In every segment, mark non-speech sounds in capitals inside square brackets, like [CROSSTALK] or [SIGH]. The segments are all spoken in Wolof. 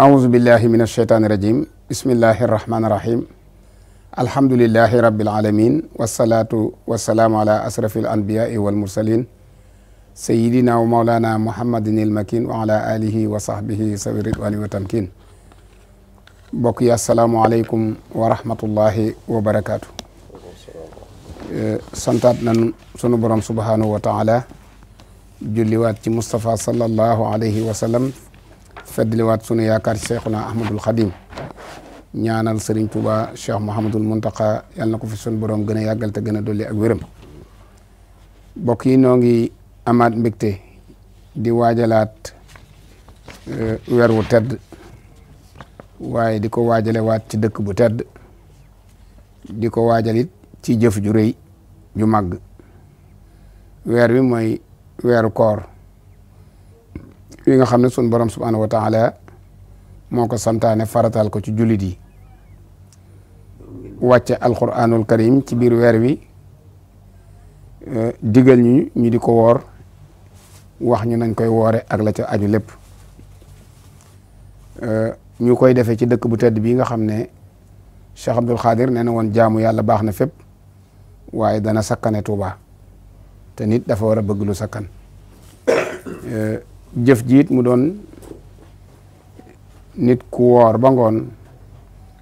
أعوذ بالله من الشيطان الرجيم بسم الله الرحمن الرحيم الحمد لله رب العالمين والصلاة والسلام على أشرف الأنبياء والمرسلين سيدنا ومولانا محمد المكين وعلى آله وصحبه سوي الرضوان والتمكين mbokk yi asalaamualeykum wa rahmatullahi wa barakaatu santaat nan sunu borom subhaanahu wa taala julliwaat ci Moustapha sallallahu alayhi wa sallam feddliwaat sunu yaakaar ci Seexuna Ahmadul Xadim ñaanal Serigne Touba Cheikh Mouhamadul Mountakha yal na ko fi sunu borom gën a yàggal gën a dolli ak wéram mbokk yi noo ngi amaat mbégte di waajalaat euh, weer wu tedd waaye di ko waajale waat ci dëkk bu tedd di ko waajalit ci jëf ju rëy ju màgg weer wi mooy weeru koor. yi nga xam ne sun borom subhaanahu wa taala moo ko santaane faratal ko ci jullit yi wàcce alquranul karim ci biir weer wi eh, digal ñu ñu di ko woor wax ñu nañ koy woore ak la ca aju lépp eh, ñu koy defee ci dëkk bu tedd bii nga xam ne Cheikh Abdul Xaadir nee na woon jaamu yàlla baax na fépp waaye dana sakkane Tuuba te nit dafa war a bëgg sakkan eh, jëf jiit mu doon nit ku woor ba ngoon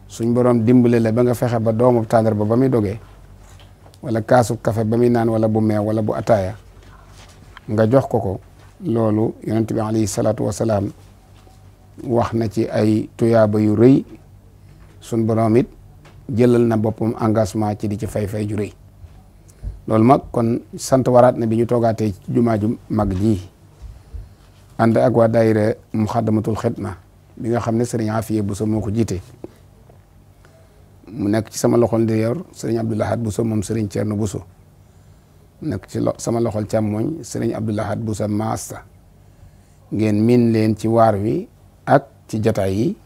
suñ borom dimbale la ba nga fexe ba doomu tàndarba ba ba muy dogee wala kaasu kafe ba muy naan wala bu meew wala bu ataaya nga jox ko ko loolu yonent bi alayhi wax na ci ay tuyaaba yu rëy suñ borom it jëlal na boppam engagement ci di ci fay-fay ju rëy loolu mag kon sant waraat na bi ñu toogaatee jumaa ju mag ji ànd ak waa daayira Muxaddamatul Xidma bi nga xam ne sëriñ Afiye Bousso moo ko jiite mu nekk ci sama loxol ndijoor sëriñ Abdoulahad Bousso moom sëriñ Thierno Bousso nekk ci sama loxol càmmooñ sëriñ Abdoulahad Bousso maasta ngeen min leen ci waar wi ak ci jataay yi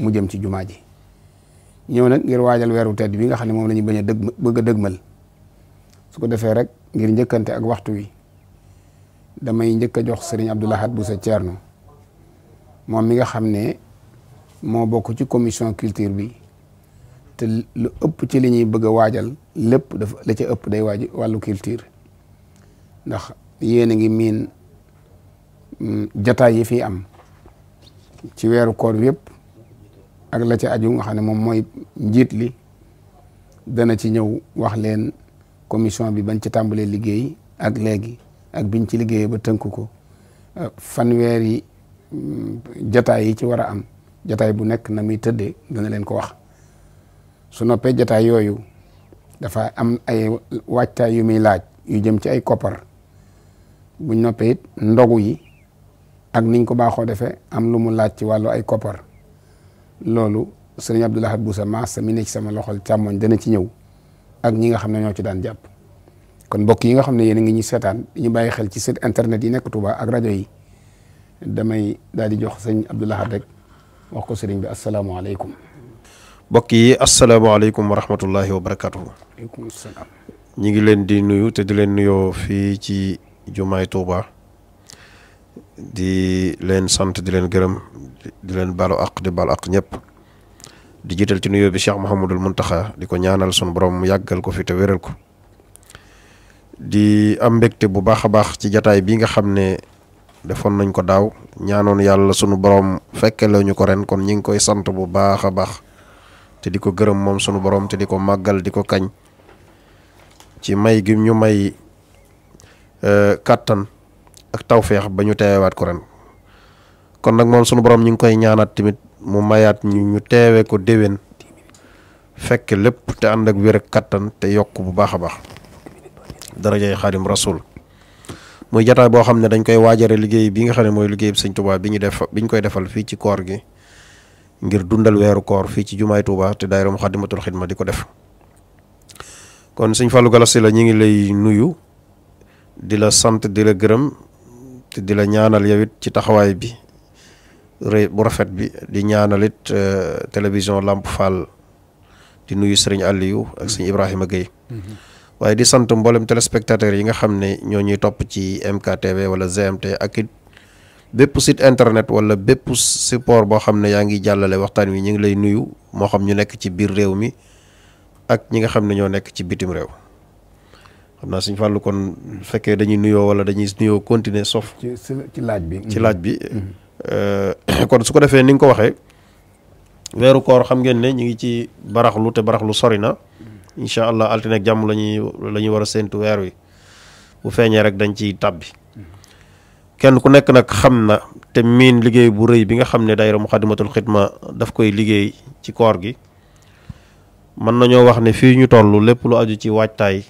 mu jëm ci jumaa ji ñëw nag ngir waajal weeru tedd bi nga xam ne moom la ñu bañ a dëg bëgg su ko defee rek ngir njëkkante ak waxtu wi damay njëkk a jox sëriñ Abdou Lahad Bousso Thierno moom mi nga xam ne moo bokk ci commission culture bi te lu ëpp ci li ñuy bëgg a waajal lépp dafa la ca ëpp day waaj wàllu culture ndax yéen a ngi miin mm, jataay yi fi am ci weeru koor yëpp ak la ca aju nga ne moom mooy njiit li dana ci ñëw wax leen commission bi bañ ci tàmbalee liggéey ak léegi ak biñ ci liggéeyee ba tënk ko euh, fanweeri mm, jataay yi ci war a am jataay bu nekk na muy tëddee dana leen ko wax su noppee jataay yooyu dafa am ay waajtaay yu muy laaj yu jëm ci ay koppar buñ noppee it ndogu yi ak niñ ko baaxoo defee am lu mu laaj ci wàllu ay koppar loolu sëriñ Abdou Lahad Boussa Mass mi ci sama loxol càmmoñ dana ci ñëw ak ñi nga xam ne ñoo ci daan jàpp kon mbokk yi nga xam ne yéen a ngi ñuy seetaan ñu bàyyi xel ci site internet yi nekk Touba ak rajo yi damay daal jox sëñ Abdou Lahad rek wax ko sëriñ bi asalaamaaleykum. mbokk yi asalaamaaleykum wa rahmatullahi wa barakaatu. waaleykum ñu ngi leen di nuyu te di leen nuyoo fii ci jumaay Touba di leen sant di leen gërëm di leen baalu àq di baalu àq ñëpp. di jiital ci nuyoo bi Cheikh Mouhamadul Mountakha di ko ñaanal sun borom mu yàggal ko fi te wéral ko. di am mbégte bu baax a baax ci jataay bii nga xam ne defoon nañ ko daaw ñaanoon yàlla sunu borom fekke la ñu ko ren kon ñi ngi koy sant bu baax a baax te di ko gërëm moom sunu borom te di ko màggal di ko kañ ci may gi ñu may euh, kàttan ak tawféex ba ñu teewaat ko ren kon nag moom sunu borom ñi ngi koy ñaanaat tamit mu mayaat ñu ñu teewee ko déwén fekk lépp te ànd ak wér ak kàttan te yokk bu baax a baax. darajay xaadim rasul muy jataay boo xam ne dañ koy waajare liggéey bi nga xam ne mooy liggéey sëñ Touba bi ñu def bi ñu koy defal fii ci koor gi ngir dundal weeru koor fii ci jumaay Touba te daayira Muxaddamatul Xidma di ko def kon sëñ Fallou Galass la ñu ngi lay nuyu di la sant di la gërëm te di la ñaanal yow ci taxawaay bi rëy bu rafet bi di ñaanal it euh, télévision Lamp Fall di nuyu seriñ Aliou ak sëriñ Ibrahima Guèye mm-hmm. waaye di sant mboolem téléspectateurs yi nga xam ne ñoo ñuy topp ci MKTV wala GMT ak it bépp site internet wala bépp support boo xam ne yaa ngi jàllale waxtaan wi ñu ngi lay nuyu moo xam ñu nekk ci biir réew mi ak ñi nga xam ne ñoo nekk ci bitim réew xam naa suñ fàllu kon fekkee dañuy nuyoo wala dañuy nuyoo continuer sof ci laaj bi ci laaj bi mm-hmm. euh, [COUGHS] kon su ko defee ni nga ko waxee weeru koor xam ngeen ne ñu ngi ci baraxlu te baraxlu sori na incha allah altine ak jàmm la ñuy la ñuy war a séntu weer wi bu feeñee rek dañ ciy tàbbi kenn ku nekk nag xam na te miin liggéey bu rëy bi nga xam ne day daayira Muxaddamatul Xidma daf koy liggéey ci koor gi mën nañoo wax ne fii ñu toll lépp lu aju ci waajtaay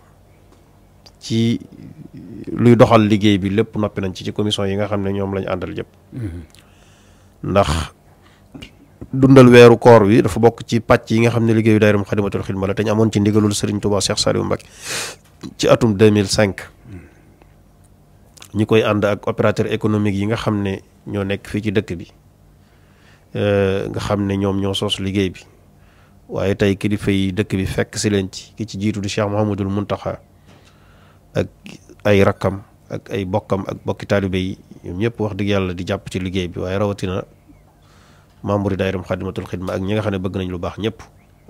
ci luy doxal liggéey bi lépp noppi nañ ci ci commission yi nga xam ne ñoom lañu àndal jëpp mm-hmm. ndax dundal weeru koor wi dafa bokk ci pàcc yi nga xam ne liggéeyu daayira Moukhaddamatoul Khidma la te ñu amoon ci ndigalul Serigne Touba Cheikh Saliou Mbacké ci atum 2005 ñi koy ànd ak opérateur économique yi nga xam ne ñoo nekk fii ci dëkk bi euh, nga xam ne ñoom ñoo sos liggéey bi waaye tey kilifa yi dëkk bi fekk si leen ci ki ci jiitu di Cheikh Mouhamadul Mountakha ak ay rakkam ak ay bokkam ak bokki taalibe yi ñoom ñëpp wax dëgg yàlla di jàpp ci liggéey bi waaye rawatina. membre daayira Moukhaddamatoul Khidma ak ñi nga xam ne bëgg nañ lu baax ñëpp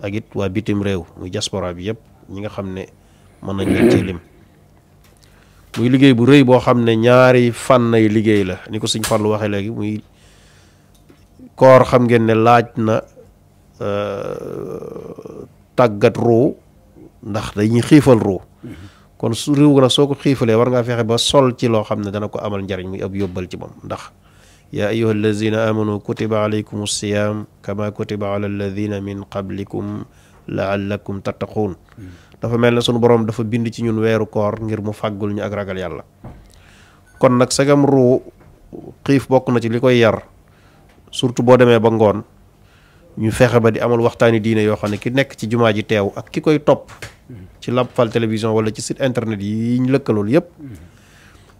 ak it waa bitim réew muy diaspora bi yëpp ñi nga xam ne mën nañ leen ci muy liggéey bu rëy boo xam ne ñaari fànn ay liggéey la ni ko suñ fàllu waxee léegi muy koor xam ngeen ne laaj na euh, tàggat ru ndax dañuy xiifal ruu kon su réew nag soo ko xiifalee war ngaa fexe ba sol ci loo xam ne dana ko amal njariñ muy ab yóbbal ci moom ndax yaa ayuha alladina amanu kutiba alaykum alsiyaam kama kutiba ala alladina min qablikum laallakum tattaquun dafa mel ne sunu boroom dafa bind ci ñun weeru koor ngir mu fàggul ñu ak ragal yàlla kon nag sagam ruu xiif bokk na ci li koy yar surtout boo demee ba ngoon ñu fexe ba di amal waxtaani diine yoo xam ne ki nekk ci jumaa ji teew ak ki koy topp ci Lamp Fall télévision wala ci site internet yi ñu lëkkalool yépp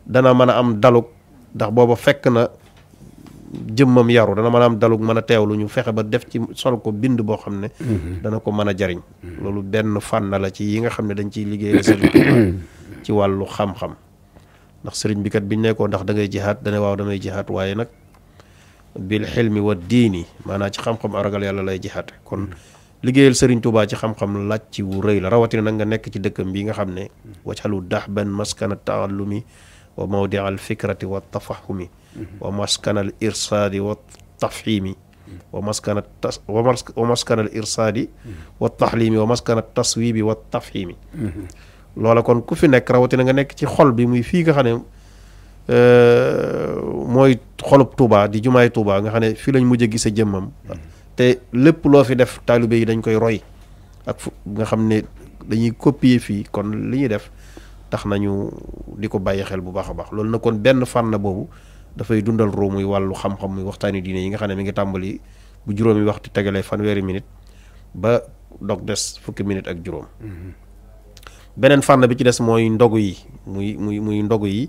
dana mën a am dalug ndax booba fekk jëmmam yaru dana mën a am dalug mën a teewlu ñu fexe ba def ci sol ko bind boo xam ne mhm. dana ko mën a jariñ mhm. loolu benn fànn la ci yi nga xam ne dañ ciy liggéeyal mhm. ci wàllu xam ndax sëriñ bi nekkoo ndax da ngay jihaat dane waaw damay jihaat waaye nag bil xilmi wa diini maanaam ci xam-xam aragal yàlla lay jihaate kon liggéeyal sëriñ Tuubaa ci xam-xam laaj ci wu rëy la rawatina nag nga nekk ci dëkkam bi nga xam ne waccalu daax benn maskana taallumi wa mawdia al fikrati wa tafahumi wa maskana al irsaadi wa tafhimi wa maskana tas wa maskana al irsaadi wa taxlimi wa maskana taswibi wa tafhimi loola kon ku fi nekk rawatina nga nekk ci xol bi muy fii nga xam ne euh, mooy xolub Touba di jumaay Touba nga xam ne fii lañ mujj a gise jëmmam te lépp loo fi def taalibe yi dañ koy roy ak fu nga xam ne dañuy copier fii kon li ñuy def tax nañu di ko bàyyi xel bu baax a baax loolu na kon benn fànna boobu dafay dundal roo muy wàllu xam-xam muy waxtaani diine yi nga xam ne mi ngi tàmbali bu juróomi waxtu tegalee fanweeri minute ba dog des fukki minute ak juróom beneen fànn bi ci des mooy ndogu yi muy muy muy ndogu yi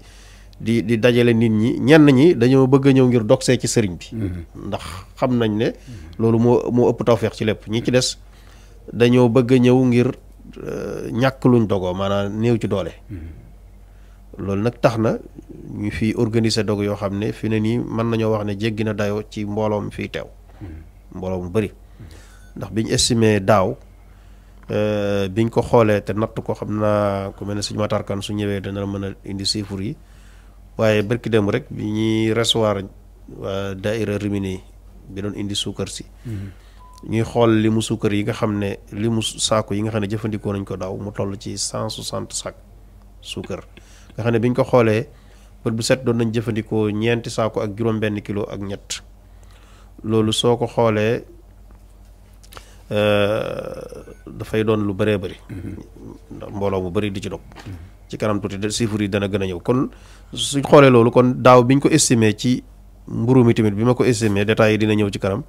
di di dajale nit ñi ñenn ñi dañoo bëgg a ñëw ngir dogsee ci sëriñ bi mm-hmm. ndax xam nañ ne mm-hmm. loolu moo moo ëpp tawfeex ci lépp ñi ci des dañoo bëgg a ñëw ngir Euh, ñàkk luñ dogoo maanaam néew ci doole. Mm-hmm. loolu nag tax na ñu fi organiser dog yoo xam ne fi ne nii mën nañoo wax ne jéggi na dayoo ci mbooloom fii teew. Mm-hmm. mbooloo mu bëri. Mm-hmm. ndax biñ estimé daaw euh, biñ ko xoolee te natt ko xam naa ku mel ne suñu matarkan su ñëwee dana mën a indi chiffres yi waaye barki dem rek bi ñuy recevoir waa daaira Rimini bi doon indi suukar si. ñuy xool li mu suukar yi nga xam ne li mu saako yi nga xam ne jëfandikoo nañ ko daaw mu toll ci cent soixante sac suukar nga xam ne biñ ko xoolee bët bu set doon nañu jëfandikoo ñeenti saako ak juróom-benn kilo ak ñett loolu soo ko xoolee euh, dafay doon lu baree bari mm-hmm. mbooloo mu bari di ci dog ci kanam tuuti chiffres yi dana gën a ñëw kon suñ xoolee loolu kon daaw bi ñu ko estimé ci mburu mi tamit bi ma ko estimé détails yi dina ñëw ci kanam.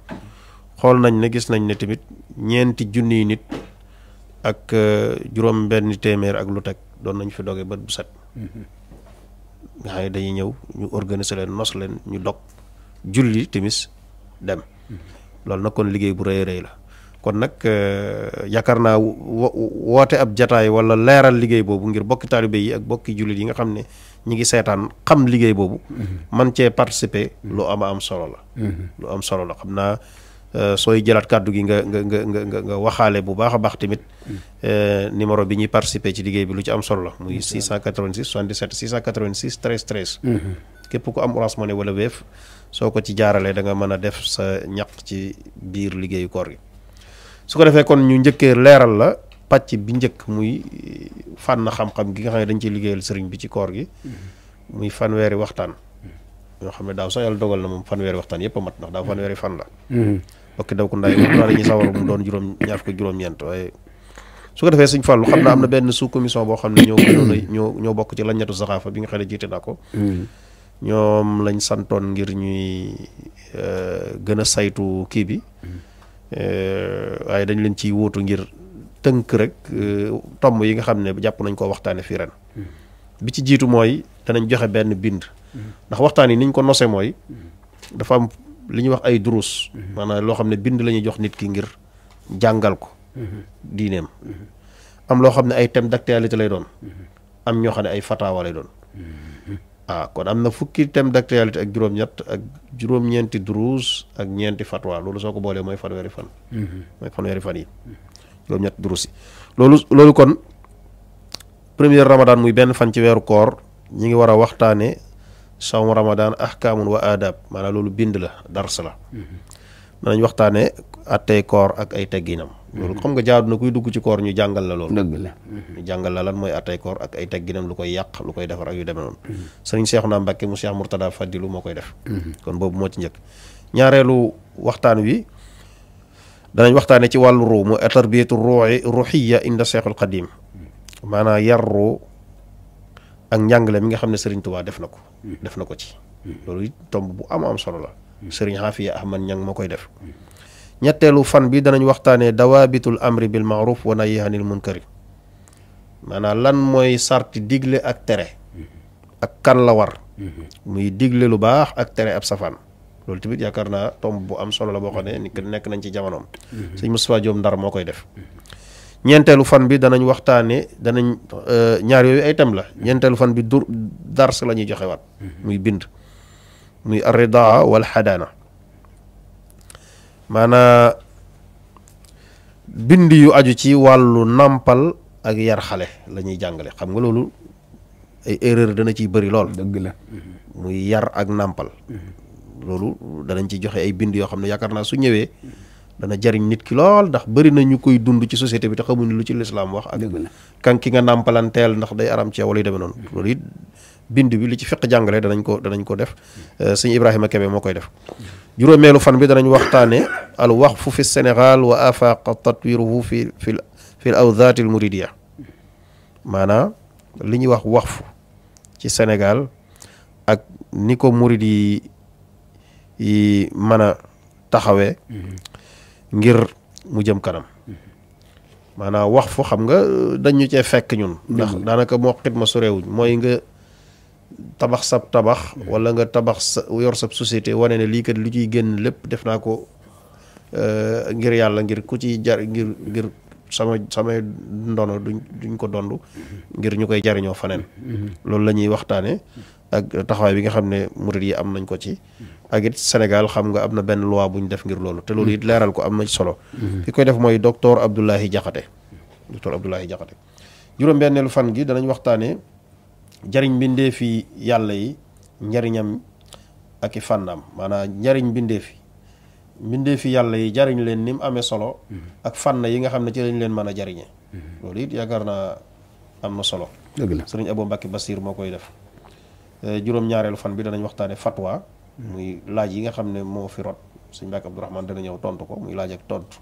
xool nañ ne gis nañ ne tamit ñeenti yi nit ak euh, juróom benn téeméer ak lu teg doon nañu fi doge ba bu set nga xam ne dañuy ñëw ñu organiser leen nos leen ñu dog julli timis dem mm-hmm. loolu nag kon liggéey bu rëy rëy la kon nag euh, yaakaar naa woote ab jataay wala leeral liggéey boobu ngir bokki taalibe yi ak bokki jullit yi nga xam ne ñi ngi seetaan xam liggéey boobu mm-hmm. man cee participer mm-hmm. lu ama am solo la lu am solo la xam naa Euh, sooy jëlaat kàddu gi nga nga nga nga waxaale bu baax a baax tamit mm. euh, numéro bi ñuy participer ci liggéey bi lu ci am solo la muy 686 77 686 13 13. képp ku am Orange Money wala Wave soo ko ci jaaralee da nga mën a def sa ñaq ci biir liggéeyu koor gi su ko defee kon ñu njëkkee leeral la pàcc bi njëkk muy fànn xam-xam gi nga xam ne dañ ciy liggéeyal sëriñ bi ci koor gi mm-hmm. muy fanweeri waxtaan mm-hmm. yoo xam ne daaw sax yàlla dogal moom fanweeri waxtaan yëpp a mat ndax daaw mm-hmm. fanweeri fan la mbokki daw ko ndaay moom daal dañuy sawar mu doon juróom ñaar ko juróom-ñeent waaye su ko defee sëñ Fallou xam naa am na benn sous commission boo xam ne ñoo ñoo ñoo bokk ci laññatu saxaafa bi nga xam ne jiite naa ko hmm. ñoom lañ santoon ngir ñuy euh, gën a saytu kii bi hmm. euh, waaye dañ leen ciy wóotu ngir tënk rek euh, tomb yi nga xam ne jàpp nañ koo waxtaane fii ren hmm. bi ci jiitu mooy danañ joxe benn bind ndax waxtaan yi niñ ko nose mooy dafa am li ñuy wax ay duruus maanaa loo xam ne bind la ñuy jox nit ki ngir jàngal ko diineem am loo xam ne ay thème d'actualité lay doon am ñoo xam ne ay fataawa lay doon ah, kon am na fukki tem d'actualité ak juróom ak juróom-ñeenti duruus ak ñeenti fatwa loolu soo ko boolee mooy fanweeri fan mooy fanweeri fan yi juróom-ñett duruus yi loolu loolu kon premier ramadan muy benn fan ci weeru koor ñi ngi war a waxtaane sawm ramadan ahkaamun wa adab maanaam loolu bind la dars la danañ waxtaane attey koor ak ay tegginam loolu xam nga jaadu na kuy dugg ci koor ñu jàngal la loolu jàngal la lan mooy attey koor ak ay tegginam lu koy yàq lu koy defar ak yu demee noonu sëriñ Seexu naa Mbàkke mu Seex Murtada Fadilu moo koy def kon boobu moo ci njëkk ñaareelu waxtaan wi danañ waxtaane ci wàllu ruu mu tarbiyatu ruuxi ruuxiya inda Seexul Xadiim maanaam yar ruu ak njàngale mi nga xam ne Serigne Touba def na ko. Hmm. def na ko ci. Hmm. loolu it tomb bu am am solo la. Hmm. Serigne Xaafiya Ahmad Ñang moo koy def. ñetteelu fan bi danañ waxtaanee dawaabitul amri bil maaruf wa nahyi anil munkari maanaam lan mooy sarti digle ak tere. ak kan la war. muy digle lu baax ak tere ab safaan. loolu tamit yaakaar naa tomb bu am solo la boo xam ne ni nekk nañ ci jamonoom. sëñ Moustapha Diop Ndar moo koy def. ñeenteelu fan bi danañ waxtaanee danañ euh, ñaar yooyu ay thèmes la ñeenteelu fan bi dur dars la ñuy joxewaat mm-hmm. muy bind muy arridaa wal xadaana maanaa bind yu aju ci wàllu nàmpal ak yar xale lañuy jàngale xam nga loolu ay erreur dana ciy bari lool. dëgg la mm-hmm. muy yar ak nàmpal. Mm-hmm. loolu danañ ci joxe ay bind yoo xam ne yaakaar naa su ñëwee. dana jariñ nit ki lool ndax bëri na ñu koy dund ci société bi te xamuñu lu ci lislaam wax ak kan ki nga nàmpalanteel ndax day aram ceew wala yu demee noonu loolu it bind bi li ci fiq jàngale danañ ko danañ ko def mm. euh, sëñ Ibrahima Kebe moo koy def juróomeelu fan bi danañ waxtaane al waqfu fi Sénégal wa afaqa tatwiruhu fi fi fi aw awdaat al muridiya maanaam li ñuy wax waqfu ci Sénégal ak ni ko muridi yi mën a taxawee mm-hmm. ngir mu jëm kanam maanaa wax fu xam nga euh, dañu cee fekk ñun ndax daanaka moo xidma su réewuñ mooy nga tabax sab tabax wala nga tabax sa yor sab société wane ne lii kat lu ciy génn lépp def naa ko euh, ngir yàlla ngir ku ciy jar ngir ngir sama samay ndono duñ duñ ko dond ngir ñu koy jariñoo faneen mm-hmm. loolu la waxtaane ak taxawaay bi nga xam ne murit yi am nañ ko ci ak it Sénégal xam nga am na benn loi bu ñu def ngir loolu te loolu it leeral ko am na ci solo mm-hmm. ki koy def mooy docteur Abdoulaye Diakhaté docteur Abdoulaye Diakhaté juróom-benneelu fan gi danañ waxtaane jariñ mbindeef yi yàlla yi njariñam ak i fànnaam maanaam njariñ mbindeef yi mbindeef yi yàlla yi jariñ leen ni mu amee solo mm-hmm. ak fànn yi nga xam ne ci lañ leen mën a jariñe mm-hmm. loolu it yaakaar naa am na solo sëriñ Abou Mbacke Basir moo koy def Euh, juróom-ñaareelu fan bi danañ waxtaane fatwa muy laaj yi nga xam ne moo fi rot sëñ Mbàkke Abdourahmane dana ñëw tontu ko muy laaj ak tontu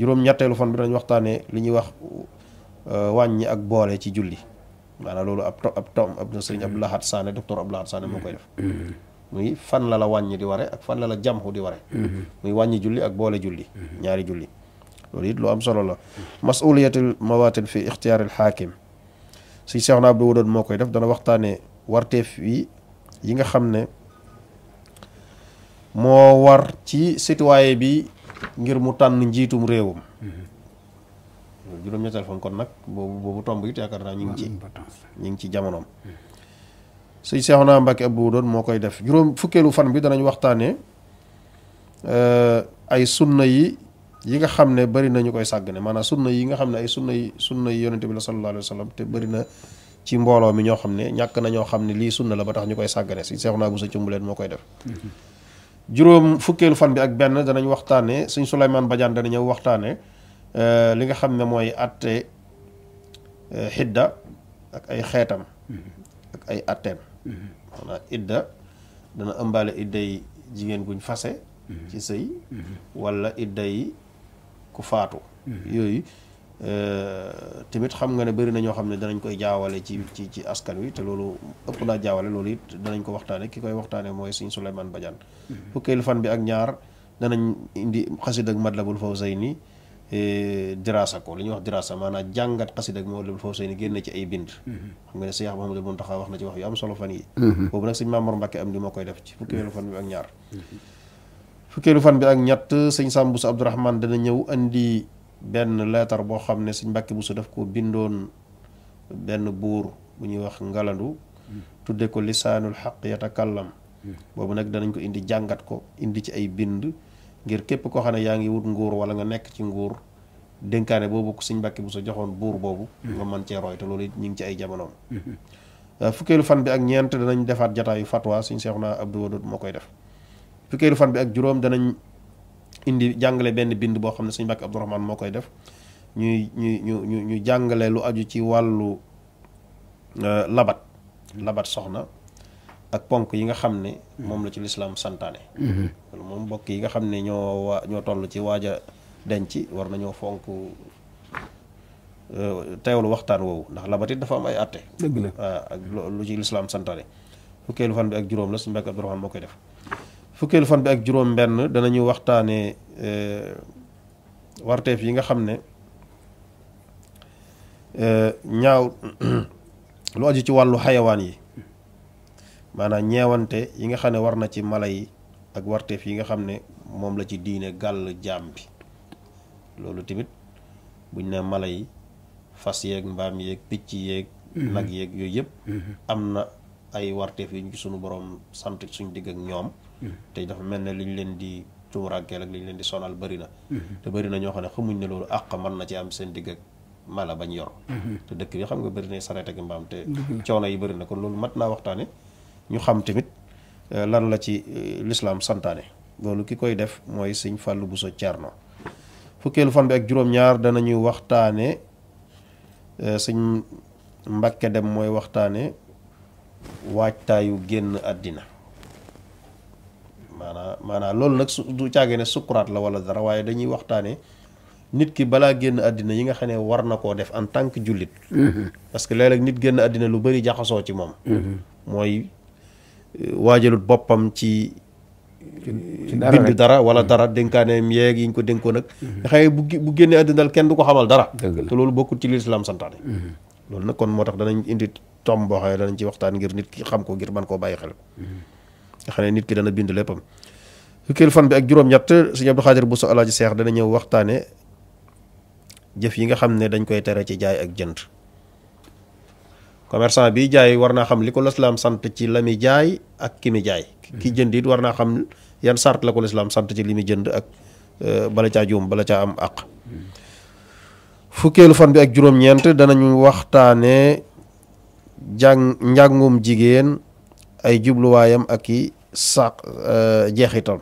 juróom-ñetteelu fan bi danañ waxtaane li ñuy wax euh, wàññi ak boole ci julli maanaam loolu ab ab tom ab sëriñ Abdou Lahad Sané docteur Abdou Lahad moo koy def muy fan la la wàññi di ware ak fan la la jamxu di ware muy wàññi julli ak boole julli ñaari julli loolu it lu am solo la masuliyatul mawaatin fi ixtiyaar al xaakim si Cheikh na moo koy def dana waxtaane warteef yi yi nga xam ne moo war ci citoyen bi ngir mu tànn njiitum réewam mm-hmm. juróom-ñetteelu fan kon nag boobu boobu tomb it yaakaar naa ñu ngi ci mm-hmm. ñu ngi ci jamonoom sëñ Seexuna Mbàkke doon moo koy def juróom fukkeelu fan bi danañ waxtaanee eh, ay sunna yi yi nga xam ne bari na ñu koy sàgg ne maanaam sunna yi nga xam ne ay sunna yi sunna yi yonente bi la sallallahu alayhi te bari na ci mbooloo mi ñoo xam ne ñàkk na ñoo xam ne lii sunna la ba tax ñu koy sàggane si seexu naa bu sa cumbuleen moo koy def juróom fukkeelu fan bi ak benn danañ waxtaane suñ Souleymane Badiane dana ñëw waxtaane euh, li nga xam ne mooy atte euh, xidda ak ay xeetam ak ay atteem maanaam idda dana ëmbaale idday jigéen guñ fase ci sëy wala idday ku faatu mm-hmm. yooyu Euh, tamit xam nga ne bëri na ñoo xam ne danañ koy jaawale ci ci ci askan wi te loolu ëpp naa jaawale loolu it danañ ko waxtaane ki koy waxtaane mooy Sëriñ Souleymane Badiane mm-hmm. fukkeelu fan bi ak ñaar danañ indi xasida ak Matlabul Fawzayni e, dirasa ko li ñuy wax dirasa maanaam jàngat xasida ak Matlabul Fawzayni génn ci ay bind mm-hmm. xam nga ne Cheikh Mouhamadou Mountakha wax na ci wax yu am solo fan yi mm-hmm. boobu nag Sëriñ Mamour Mbacké am di moo koy def ci fukkeelu fan bi ak ñaar fukkeelu fan bi ak ñett Sëriñ Sambusa Abdourahmane dana ñëw andi benn leetar boo xam ne suñ Mbàkke Buso daf koo bindoon benn buur bu ñuy wax ngalandu tudde ko lisaanul xaq yatakallam boobu nag danañ ko indi jàngat ko indi ci ay bind ngir képp koo xam ne yaa ngi wut nguur wala nga nekk ci nguur dénkaane boobu ko suñ bu su joxoon buur boobu nga mën cee roy te loolu it ñu ngi ci ay jamonoom euh, fukkeelu fan bi ak ñeent danañ defaat jataayu fatwa suñ Seexuna Abdu Wadud moo koy def fukkeelu fan bi ak juróom danañ indi jàngale benn bind boo xam ne sëñ Mbàkke Abdourahmane moo koy def ñuy ñu ñu ñu ñu jàngale lu aju ci wàllu euh, labat labat soxna ak ponk yi nga xam ne moom la ci lislaam santaane mm-hmm. loolu mbokk yi nga xam ne ñoo ñoo toll ci waaja denc war nañoo fonk euh, teewlu waxtaan woowu ndax labat it dafa ay àtte dëgg la waaw ak lu ci lislaam santaane fukkeelu fan bi ak juróom la sëñ Mbàkke Abdourahmane moo koy def fukkeelu fan bi ak juróom-benn danañu waxtaanee eh, warteef yi nga xam ne eh, ñaaw [CLEARS THROAT] lu aju ci wàllu xayawaan yi maanaam ñeewante yi nga xam ne war na ci mala yi ak warteef yi nga xam ne moom la ci diine gàll jaam bi loolu tamit buñ ne mala yi fas yeeg mbaam yeeg picc yeeg mm-hmm. nag yeeg yooyu yëpp mm-hmm. am na ay warteef yu ñu sunu borom sant suñ digg ak ñoom Mm-hmm. tey dafa mel na li ñu leen di cuurankeel ak li ñu leen di sonal bari na mm-hmm. te bari na ñoo xam ne xamuñ ne loolu àq man na ci am seen digg ak mala bañ yor mm-hmm. te dëkk bi xam nga bari na sareet ak mbaam te coono yi bëri na kon loolu mat naa waxtaane ñu xam tamit euh, lan la ci euh, lislaam santaane loolu ki koy def mooy sëñ Fallou Bousso Thierno fukkeelu fan bi ak juróom-ñaar danañuy waxtaane euh, sëñ Mbakke dem mooy waxtaane waajtaayu génn àddina maanaa maanaa loolu nag su du caagee ne sukkuraat la wala dara waaye dañuy waxtaanee nit ki balaa génn àddina yi nga xam ne war na koo def en tant que jullit mm-hmm. parce que léeg nit génn àddina lu bëri jaxasoo ci moom mm-hmm. mooy euh, waajalut boppam ci euh, bind dara wala mm-hmm. dara dénkaaneem yeeg yi ñu ko dénkoo nag nga xam ne bu bu génnee àddina kenn du ko xamal dara te loolu bokkul ci lislaam santaane loolu nag kon moo tax danañ indi tomb boo xam ne danañ ci waxtaan ngir nit ki xam ko ngir man koo bàyyi xel xam ne nit ki dana bind léppam fukkeelu fan bi ak juróom-ñett Sëriñ Abdou Seex dana ñëw waxtaane jëf yi nga xam ne dañ koy tere ci jaay ak jënd commerçant bi jaay war naa xam li ko sant ci la muy jaay ak ki muy jaay ki hmm. war naa xam yan sart ko lislaam sant ci li jënd ak euh, bala caa bala caa am àq hmm. fukkeelu fan bi ak juróom-ñeent danañu waxtaane jàng jigéen ay jubluwaayam ak i saq e, jeexitam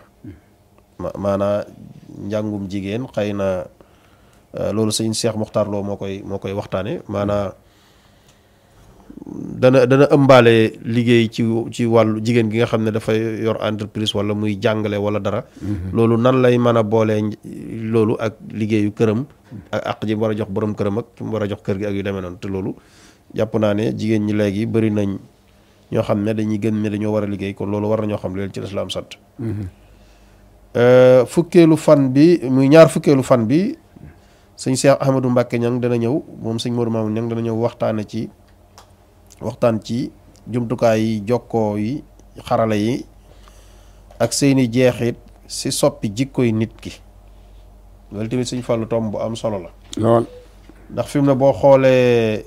maanaa njàngum jigéen xëy na e, loolu sëñ Cheikh Mokhtar Lo moo koy moo koy waxtaane maanaa dana dana ëmbaale liggéey ci ci wàllu jigéen gi nga xam ne dafay yor entreprise wala muy jàngale wala dara mm-hmm. loolu nan lay mën a boolee loolu ak liggéeyu këram ak àq ji mu war a jox borom këram ak mu war a jox kër gi ak yu demee noonu te loolu jàpp naa ne jigéen ñi léegi bari nañ ñoo xam ne dañuy gën ne dañoo war a liggéey kon loolu war na ñoo xam leen ci lislaam sant mhm. euh, fukkeelu fan bi muy ñaar fukkeelu fan bi sëñ Cheikh Ahmadou Mbacke ñang dana ñëw moom sëñ Modou Mamoun ñang dana ñëw waxtaane ci waxtaan ci jumtukaay yi jokkoo yi xarala yi ak seeni jeexit si soppi jikkoy nit ki loolu tamit sëñ Fallou tomb bu am solo la lool ndax fi ne boo xoolee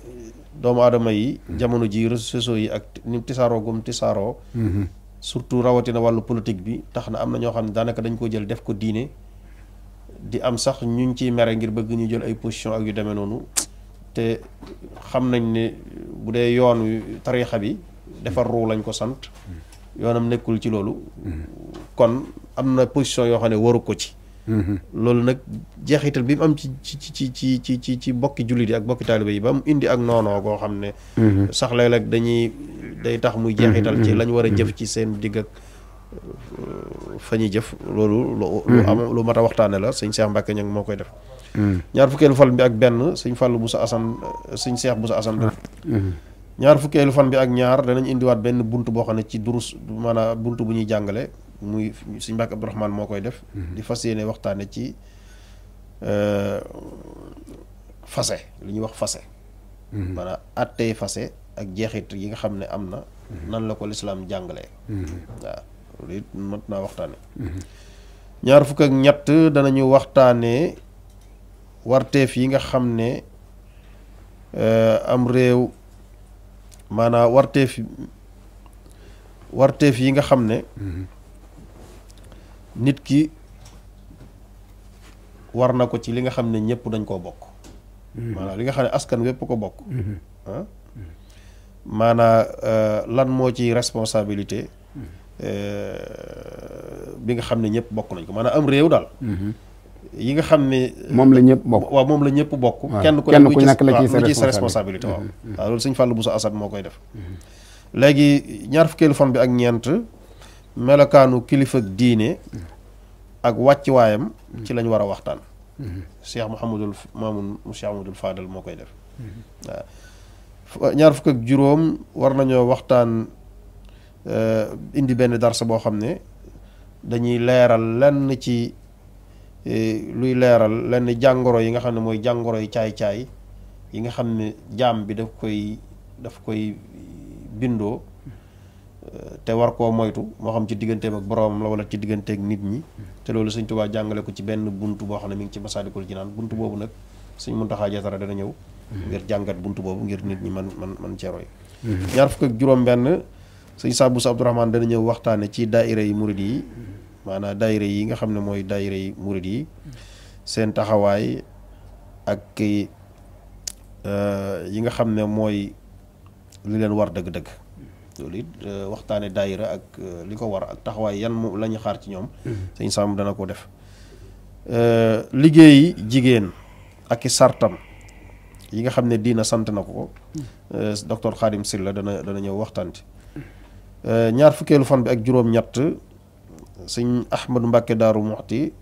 doomu aadama yi jamono ji réseaux yi ak ni tisaaroo gum tisaaroo mhm. surtout rawatina wàllu politique bi tax na am na ñoo xam ne daanaka dañ ko jël def ko diine di am sax ñuñ ciy mere ngir bëgg ñu jël ay position ak yu demee noonu te xam nañ ne bu dee yoon tariixa bi defar ruu lañ ko sant mhm. yoonam nekkul ci loolu mhm. kon am na position yoo xam ne waru ko ci Mm-hmm. loolu nag jeexital bi mu am ci ci ci ci ci ci ci bokki jullit yi ak bokki taalibe yi ba mu indi ak noonoo goo xam ne mm-hmm. sax léeg dañuy day tax muy jeexital ci mm-hmm. lañu war a jëf ci seen digg ak uh, fa ñuy jëf loolu lu am lu mat a waxtaane la sëñ seex Mbacke ñangi moo koy def ñaar fukkeelu fan bi ak benn sëñ Fallou Boussa Assane uh, sëñ Cheikh Boussa Assane def ñaar fukkeelu fan bi ak ñaar danañ indiwaat benn bunt boo xam ne ci durus maanaam bunt bu ñuy jàngale muy suñ Mbàkke Abdourahmane moo koy def. Mhm. di fas yéene waxtaane ci euh, fase li ñuy wax fase. Mhm. maanaam àttee fase ak jeexit yi nga xam ne am na. Mhm. nan la ko lislaam jàngalee. waaw loolu it mat naa waxtaane ñaar fukk ak ñett danañu waxtaanee warteef yi nga xam ne euh, am réew maanaa warteef warteef yi nga xam ne. nit ki war na ko ci li nga xam ne ñëpp dañ koo bokk mhm. maanaam li nga xam ne askan wépp ko bokk mhm. ah? maanaa euh, lan moo ci responsabilité mhm. euh, bi nga xam ne ñëpp bokk nañ ko maanaam am réew daal yi nga xam ne moom la ñëpp bokk waaw moom la ñëpp bokk kenn ku nekk la ci sa responsabilité waaw waaw ah, loolu sëñ Fallou Moussa Assad moo koy def léegi ñaar fukkeelu fan bi ak ñeent melokaanu kilifa diine ak wàccuwaayam mm-hmm. ci lañ war a waxtaan mm-hmm. cheikh mu maamun cheikh mahamadul fadal moo koy def mm-hmm. waaw uh, ñaar fukk ak juróom war nañoo waxtaan uh, indi benn darsa boo xam ne dañuy leeral lenn ci uh, luy leeral lenn jàngoro yi nga xam ne mooy jàngoro yi caay-caay yi nga xam ne jaam bi daf koy daf koy bindoo Euh, te war koo moytu moo xam ci digganteem ak boroomam la wala ci digganteeg nit ñi mm-hmm. te loolu sëñ Tuubaa jàngale ko ci benn bunt boo xam ne mi ngi ci Masaalikul Jinaan bunt boobu nag sëñ Muntaxaa Jaatara dana ñëw mm-hmm. jàngat bunt boobu ngir nit ñi man man man cee roy mm-hmm. ñaar fukk ak juróom benn sëñ dana ñëw waxtaane ci daayira yi murid yi maanaam yi nga xam ne mooy daayira yi yi seen taxawaay ak euh, yi nga xam ne mooy li leen war dëgg-dëgg loolu it euh, waxtaane daayira ak euh, li ko war ak taxawaay yan mu la xaar ci ñoom mhm. sëñ sàmm dana ko def euh, liggéey jigéen ak i sartam yi nga xam ne diina sant na ko ko mhm. docteur Khadim Silla dana dana ñëw waxtaan ci ñaar fukkeelu fan bi ak juróom-ñett sëñ Ahmadu Mbàkke Daaru Muxti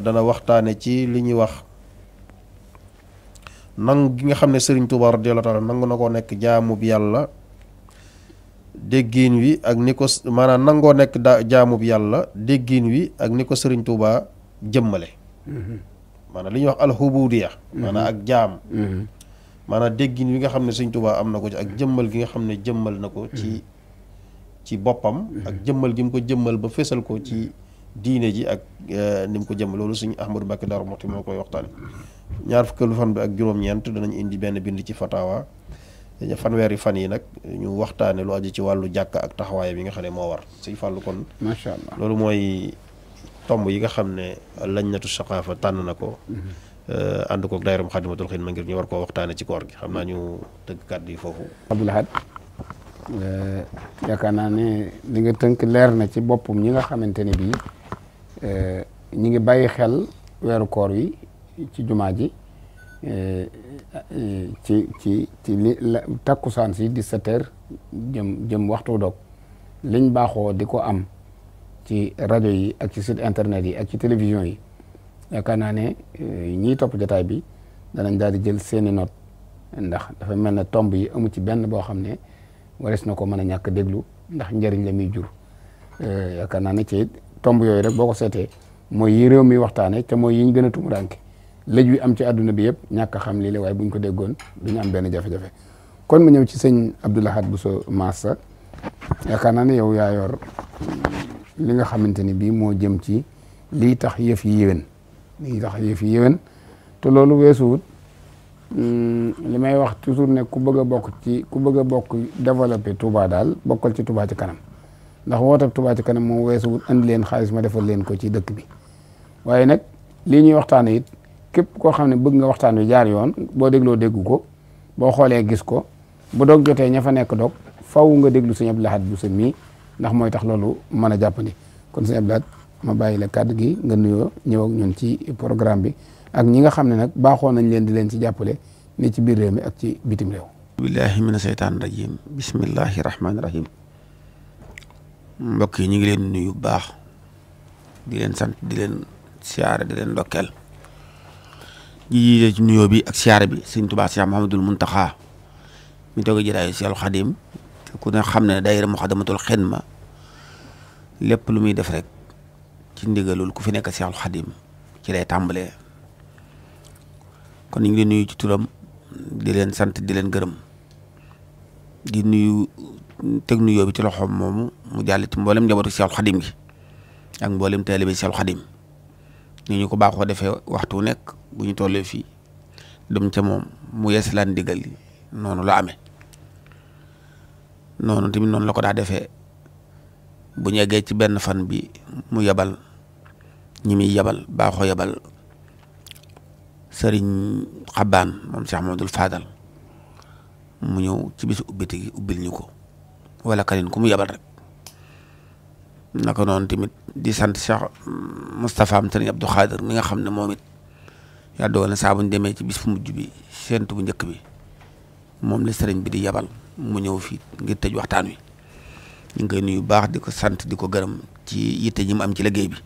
dana waxtaane ci li ñuy wax nangu gi nga xam ne Sëriñ Tuubaa radiyallaahu taala nangu na ko nekk jaamu bi yàlla déggiin wi ak ni ko maanaam nangoo nekk da jaamub yàlla déggiin wi ak ni ko sëriñ Tuubaa jëmmale mhm. maanaam li ñuy wax alxubudiya maanaam ak jaam mhm. maanaam déggin wi nga xam ne sëñ Tuubaa am na ko ci ak jëmmal gi nga xam ne jëmmal na ko mhm. ci ci boppam ak jëmmal gi mu ko jëmmal ba fésal ko ci diine ji ak eh, ni mu ko jëmmal loolu suñu Ahmadou Mbacké Daaru Muxti moo koy waxtaan ñaar fukkeelu fan bi ak juróom-ñeent danañ indi benn bind ci fatawa fanweeri fan yi nag ñu waxtaane lu aju ci wàllu jàkk ak taxawaay bi nga xam ne moo war sëñ Fallou kon macha allah loolu mooy tomb yi nga xam ne lañ lañnatu saqaafa tànn na ko mhm. euh, ànd koog daayira Moukhaddamatoul Khidma ngir ñu war koo waxtaane ci koor gi xam naa ñu tëgg kàddu yi foofu Abdoul Ahad euh, yaakaar naa ne li nga tënk leer na ci boppam ñi nga xamante ne bii euh, ñi ngi bàyyi xel weeru koor yi ci jumaa ji ci ci ci li la takkusaan si 17h jëm jëm waxtu dog liñ baaxoo di ko am ci rajo yi ak ci site internet yi ak ci télévision yi yaakaar naa ne eh, ñiy topp jotaay bi danañ daal di jël seeni note ndax dafa mel ne tomb yi amu ci benn boo xam ne wares na ko mën a ñàkk déglu ndax njëriñ la muy jur eh, yaakaar naa ne ci tomb yooyu rek boo ko seetee mooy yi réew mi waxtaane te mooy yi ñu gën a tumuraanke lëj wi am ci àdduna bi yëpp ñàkk a xam lii la waaye buñ ko déggoon duñu am benn jafe-jafe kon ma ñëw ci sëñ Abdou Lahad Bousso Massa yaakaar naa ne yow yaa yor li nga xamante ni bii moo jëm ci lii tax yëf yi yéwén lii tax yëf yi yéwén te loolu weesuwut mm, li may wax toujours ne ku bëgg a bokk ci ku bëgg bokk développé Touba daal bokkal ci Touba ci kanam ndax wootab Touba ci kanam moom weesuwut andi leen xaalis ma defal leen ko ci dëkk bi waaye nag lii ñuy waxtaanee it. képp koo xam ne bëgg nga waxtaan wi jaar yoon boo dégloo déggu ko boo xoolee gis ko bu doog jotee ña fa nekk doog faw nga déglu sëñ Abdou Lahad bu sa mii ndax mooy tax loolu mën a jàppandi kon sëñ Abdou Lahad ma bàyyi la kàddu gi nga nuyoo ñëw ak ñun ci programme bi ak ñi nga xam ne nag baaxoo nañ leen di leen ci jàppale ni ci biir réew mi ak ci bitim réew billahi mina seytaan rajim bismillahi rahmaani rahim mbokk yi ñu ngi leen nuyu baax di leen sant di leen siyaare di leen ndokkeel ji jiite ci nuyoo bi ak siyaare bi sëñ Tuubaa Cheikh Mouhamadoul Mountakha mi toog a jëraayu Seexul Xadim ku ne xam ne daayira Muxaddamatul ma lépp lu muy def rek ci ndigalul ku fi nekk Seexul Xadim ci lay tàmbalee kon ñu ngi leen nuyu ci turam di leen sant di leen gërëm di nuyu teg nuyoo bi ci loxoom moomu mu jàll ti mboolem njabootu Seexul Xadim gi ak mboolem taalibe Seexul Xadim ni ñu ko baaxoo defee waxtu nekk bu ñu tollee fii dem ca moom mu yees laan digal li noonu la ame noonu tamit noonu la ko daa defee bu ñu eggee ci benn fan bi mu yebal ñi muy yebal baaxoo yebal sëriñ xabaan moom Cheikh Mamadou Fadal mu ñëw ci bisu ubbite gi ubbil ñu ko wala kanin ku mu yebal rek. naka noonu tamit di sant Cheikh Moustapha am sëriñ Abdou mi nga xam ne moom it yaa dogal na demee ci bis fu mujj bi séentu bu njëkk bi moom la sëriñ bi di yabal mu ñëw fii ngir tëj waxtaan wi ñu ngi nuyu baax di ko sant di ko gërëm ci yitte ji am ci liggéey bi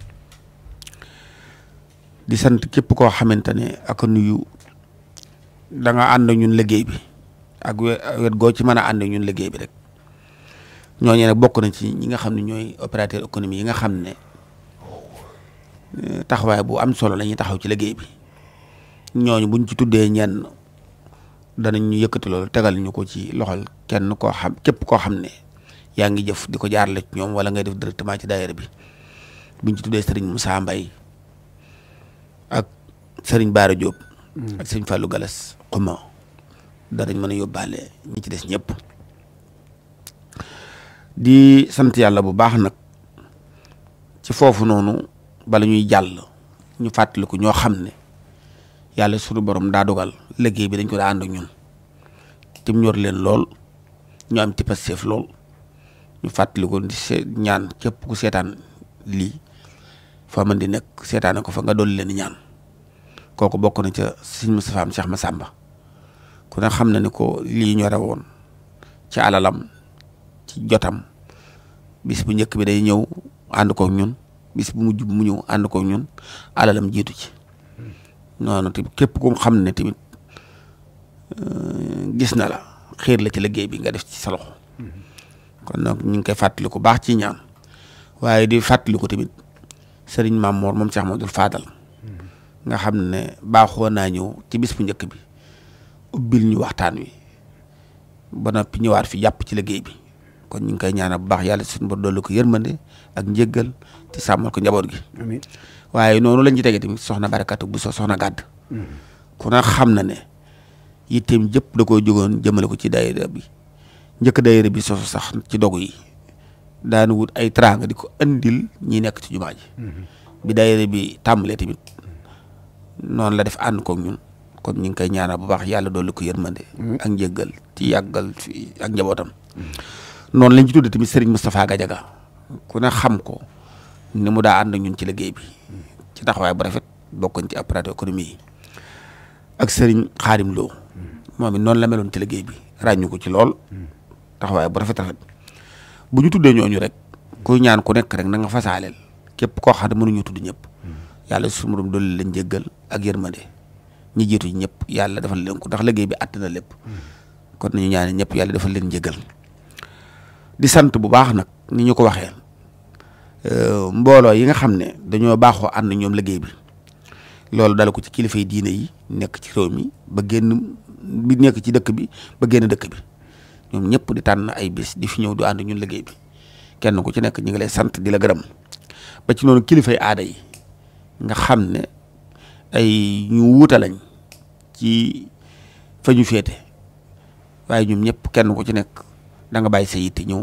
di sant képp koo xamante ne ak nuyu da nga ànd ñun liggéey bi ak wet goo ci mën a ànd ñun liggéey bi rek. ñooñu nag bokk na ci ñi nga xam ne ñooy opérateur économie yi nga xam ne eh, taxawaay bu am solo la taxaw ci liggéey bi ñooñu buñ ci tuddee ñenn danañ ñu yëkkati loolu tegal ñu ko ci loxol kenn koo xam képp koo xam ne yaa ngi jëf di ko jaarale ci ñoom wala ngay def directement ci daayira bi buñ ci tuddee Serigne Moussa Mbaye ak Serigne Bara Diop. Mm. ak Serigne Fallou Galas xuma danañ mën a yóbbaale ñi ci des ñëpp. di sant yàlla bu baax nag ci foofu noonu bala ñuy jàll ñu fàttaliku ñoo xam ne yàlla suñu borom daa dogal liggéey bi dañ ko daa ànd ñun tim ñor leen lool ñu am ci pastéef lool ñu fàttaliku ñaan képp ku seetaan lii fa man di nekk seetaan ko fa nga dolli leen ñaan kooku bokk na ca sëñ Moustapha am Cheikh Massamba ku ne xam na ni ko lii ñore woon ci alalam jotam bis bu njëkk bi day ñëw ànd kook ñun bis bu mujj mu ñëw ànd kook ñun alalam jiitu ci noonu tamit képp ku xam ne tamit euh, gis na la xiir la ci liggéey bi nga def ci sa loxo kon nag ñu ngi koy fàttali ko baax ci ñaan waaye di fàttali ko tamit sëriñ Maam Moor moom Cheikh Ahmadul Fadal nga xam ne baaxoo naa ñëw ci bis njëkk bi ubbil ñu waxtaan wi ba noppi ñëwaat fi jàpp ci liggéey bi kon ñu ngi koy ñaanal bu baax yàlla suñu bor dolli ko yërmande ak njéggal te sàmmal ko njaboot gi. waaye noonu lañ ci tege tamit soxna barakatu bu so soxna gàdd. Mm-hmm. ku ne xam na ne yitteem jëpp da koo jógoon jëmale ko ci daayira bi njëkk daayira bi soso sax ci dogu yi daan wut ay trang di ko andil ñi nekk ci jumaa ji. Mm-hmm. bi daayira bi tàmbalee tamit noonu la def ànd koog ñun. kon ñu ngi koy ñaanal bu baax yàlla dolli ko yërmande. Mm-hmm. ak njéggal ci yàggal ak njabootam. noonu lañ ci tudde tamit Serigne Moustapha gajaga ku ne xam ko ni mu daa ànd ñun ci liggéey bi ci taxawaay bu rafet bokkoon ci opérateur économie yi ak Serigne Xaarim Lo moom it noonu la meloon ci liggéey bi ràññu ko ci lool taxawaay bu rafet rafet bu ñu tuddee ñooñu rek kuy ñaan ku nekk rek na nga fasaaleel képp koo xam ne ñu tudd ñëpp yàlla suñu borom doole lañ jéggal ak yërmande ñi jiitu ñëpp yàlla defal leen ko liggéey bi àtt na lépp nañu ñaan ñëpp yàlla defal leen jéggal di sant bu baax nag ni ñu ko waxee euh, mbooloo yi nga xam ne dañoo baaxoo ànd ñoom liggéey bi loolu dala ko ci kilifay diine yi nekk ci réew mi ba génn bi nekk ci dëkk bi ba génn dëkk bi ñoom ñëpp di tànn ay bis di fi ñëw di ànd ñun liggéey bi kenn ku ci nekk ñu ngi lay sant di la gërëm ba ci noonu kilifay aada yi nga xam ne ay ñu wuute lañ ci fa ñu féete waaye ñoom ñëpp kenn ku ci nekk da nga bàyyi sa yitte ñëw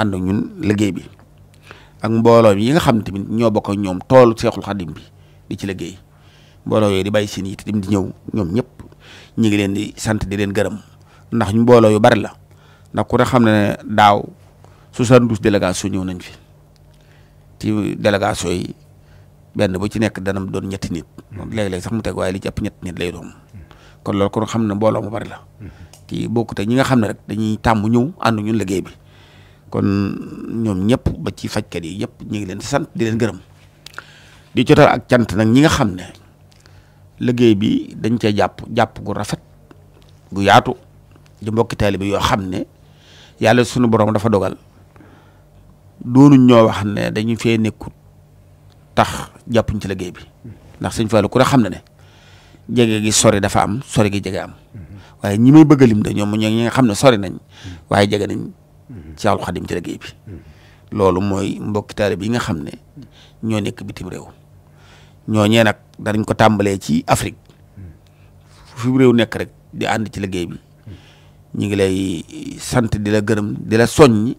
ànd ak ñun liggéey bi ak mbooloo yi nga xam ne tamit ñoo bokk ñoom toolu seexul xadim bi di ci liggéey mbooloo yooy di bàyyi seen yitte tamit di ñëw ñoom ñëpp ñu ngi leen di sant di leen gërëm ndax ñu mbooloo yu bari la ndax kure ne xam ne daaw 72 délégation ñëw nañ fi ci délégation yi benn bu ci nekk danam doon ñetti nit léeg-léeg sax mu teg waaye li ci ñetti nit lay doon kon loolu kon xam ne mbooloo mu bari la mm-hmm. kii bokkut ak ñi nga xam ne rek dañuy tàmm ñëw ànd ñun liggéey bi kon ñoom ñëpp ba ci fajkat yi yëpp ñu ngi leen sant di leen gërëm di jotal ak cant nag ñi nga xam ne liggéey bi dañ cee jàpp jàpp gu rafet gu yaatu di mbokki taalibe yoo xam ne yàlla sunu borom dafa dogal doonuñ ñoo wax ne dañuy fee nekkut tax jàppuñ ci liggéey bi ndax sëñ Fallou ku ne xam ne ne jege gi sori dafa am sori gi jege am. waaye ñi may bëgg a lim de ñoom ñoo ñi nga xam ne sori nañ waaye jege nañ ci Seexul Xadim ci liggéey bi loolu mooy mbokki taalibe nga xam ne ñoo nekk bitim réew ñooñee nag danañ ko tàmbalee ci Afrique fi réew nekk rek di ànd ci liggéey bi ñu ngi lay sant di la gërëm di la soññ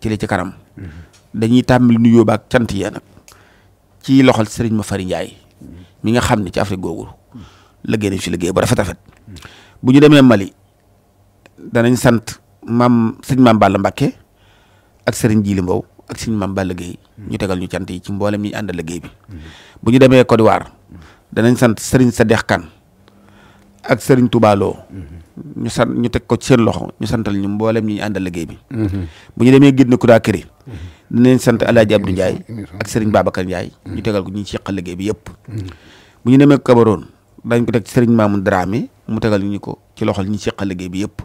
ci li ci kanam dañuy tàmbali nuyoo ba ak cant ya nag ci loxol Serigne Mafari Ndiaye mi nga xam ne ci Afrique googu liggéey nañ fi liggéey bu rafet rafet bu ñu demee Mali danañ sant maam sëñ maam Balla Mbakke ak sëriñ Jili Mbow ak sëñ maam Balla Gueye ñu tegal ñu cant yi ci mboolem ñi ànd liggéey bi bu ñu demee Côte d'Ivoire danañ sant sëriñ Sadex Kan ak sëriñ Touba ñu sant ñu teg ko ci seen loxo ñu santal ñu mboolem ñu àndal liggéey bi. bu ñu demee Guinée Conakry. dinañ sant El Hadj Abdou Ndiaye ak sëriñ Babacar Ndiaye. ñu tegal ko ñu ci yàqal liggéey bi yëpp. bu ñu demee Cameroun dañ ko teg sëriñ Mamoun Dramé mu tegal ñu ko ci loxol ñi seqal liggéey bi yëpp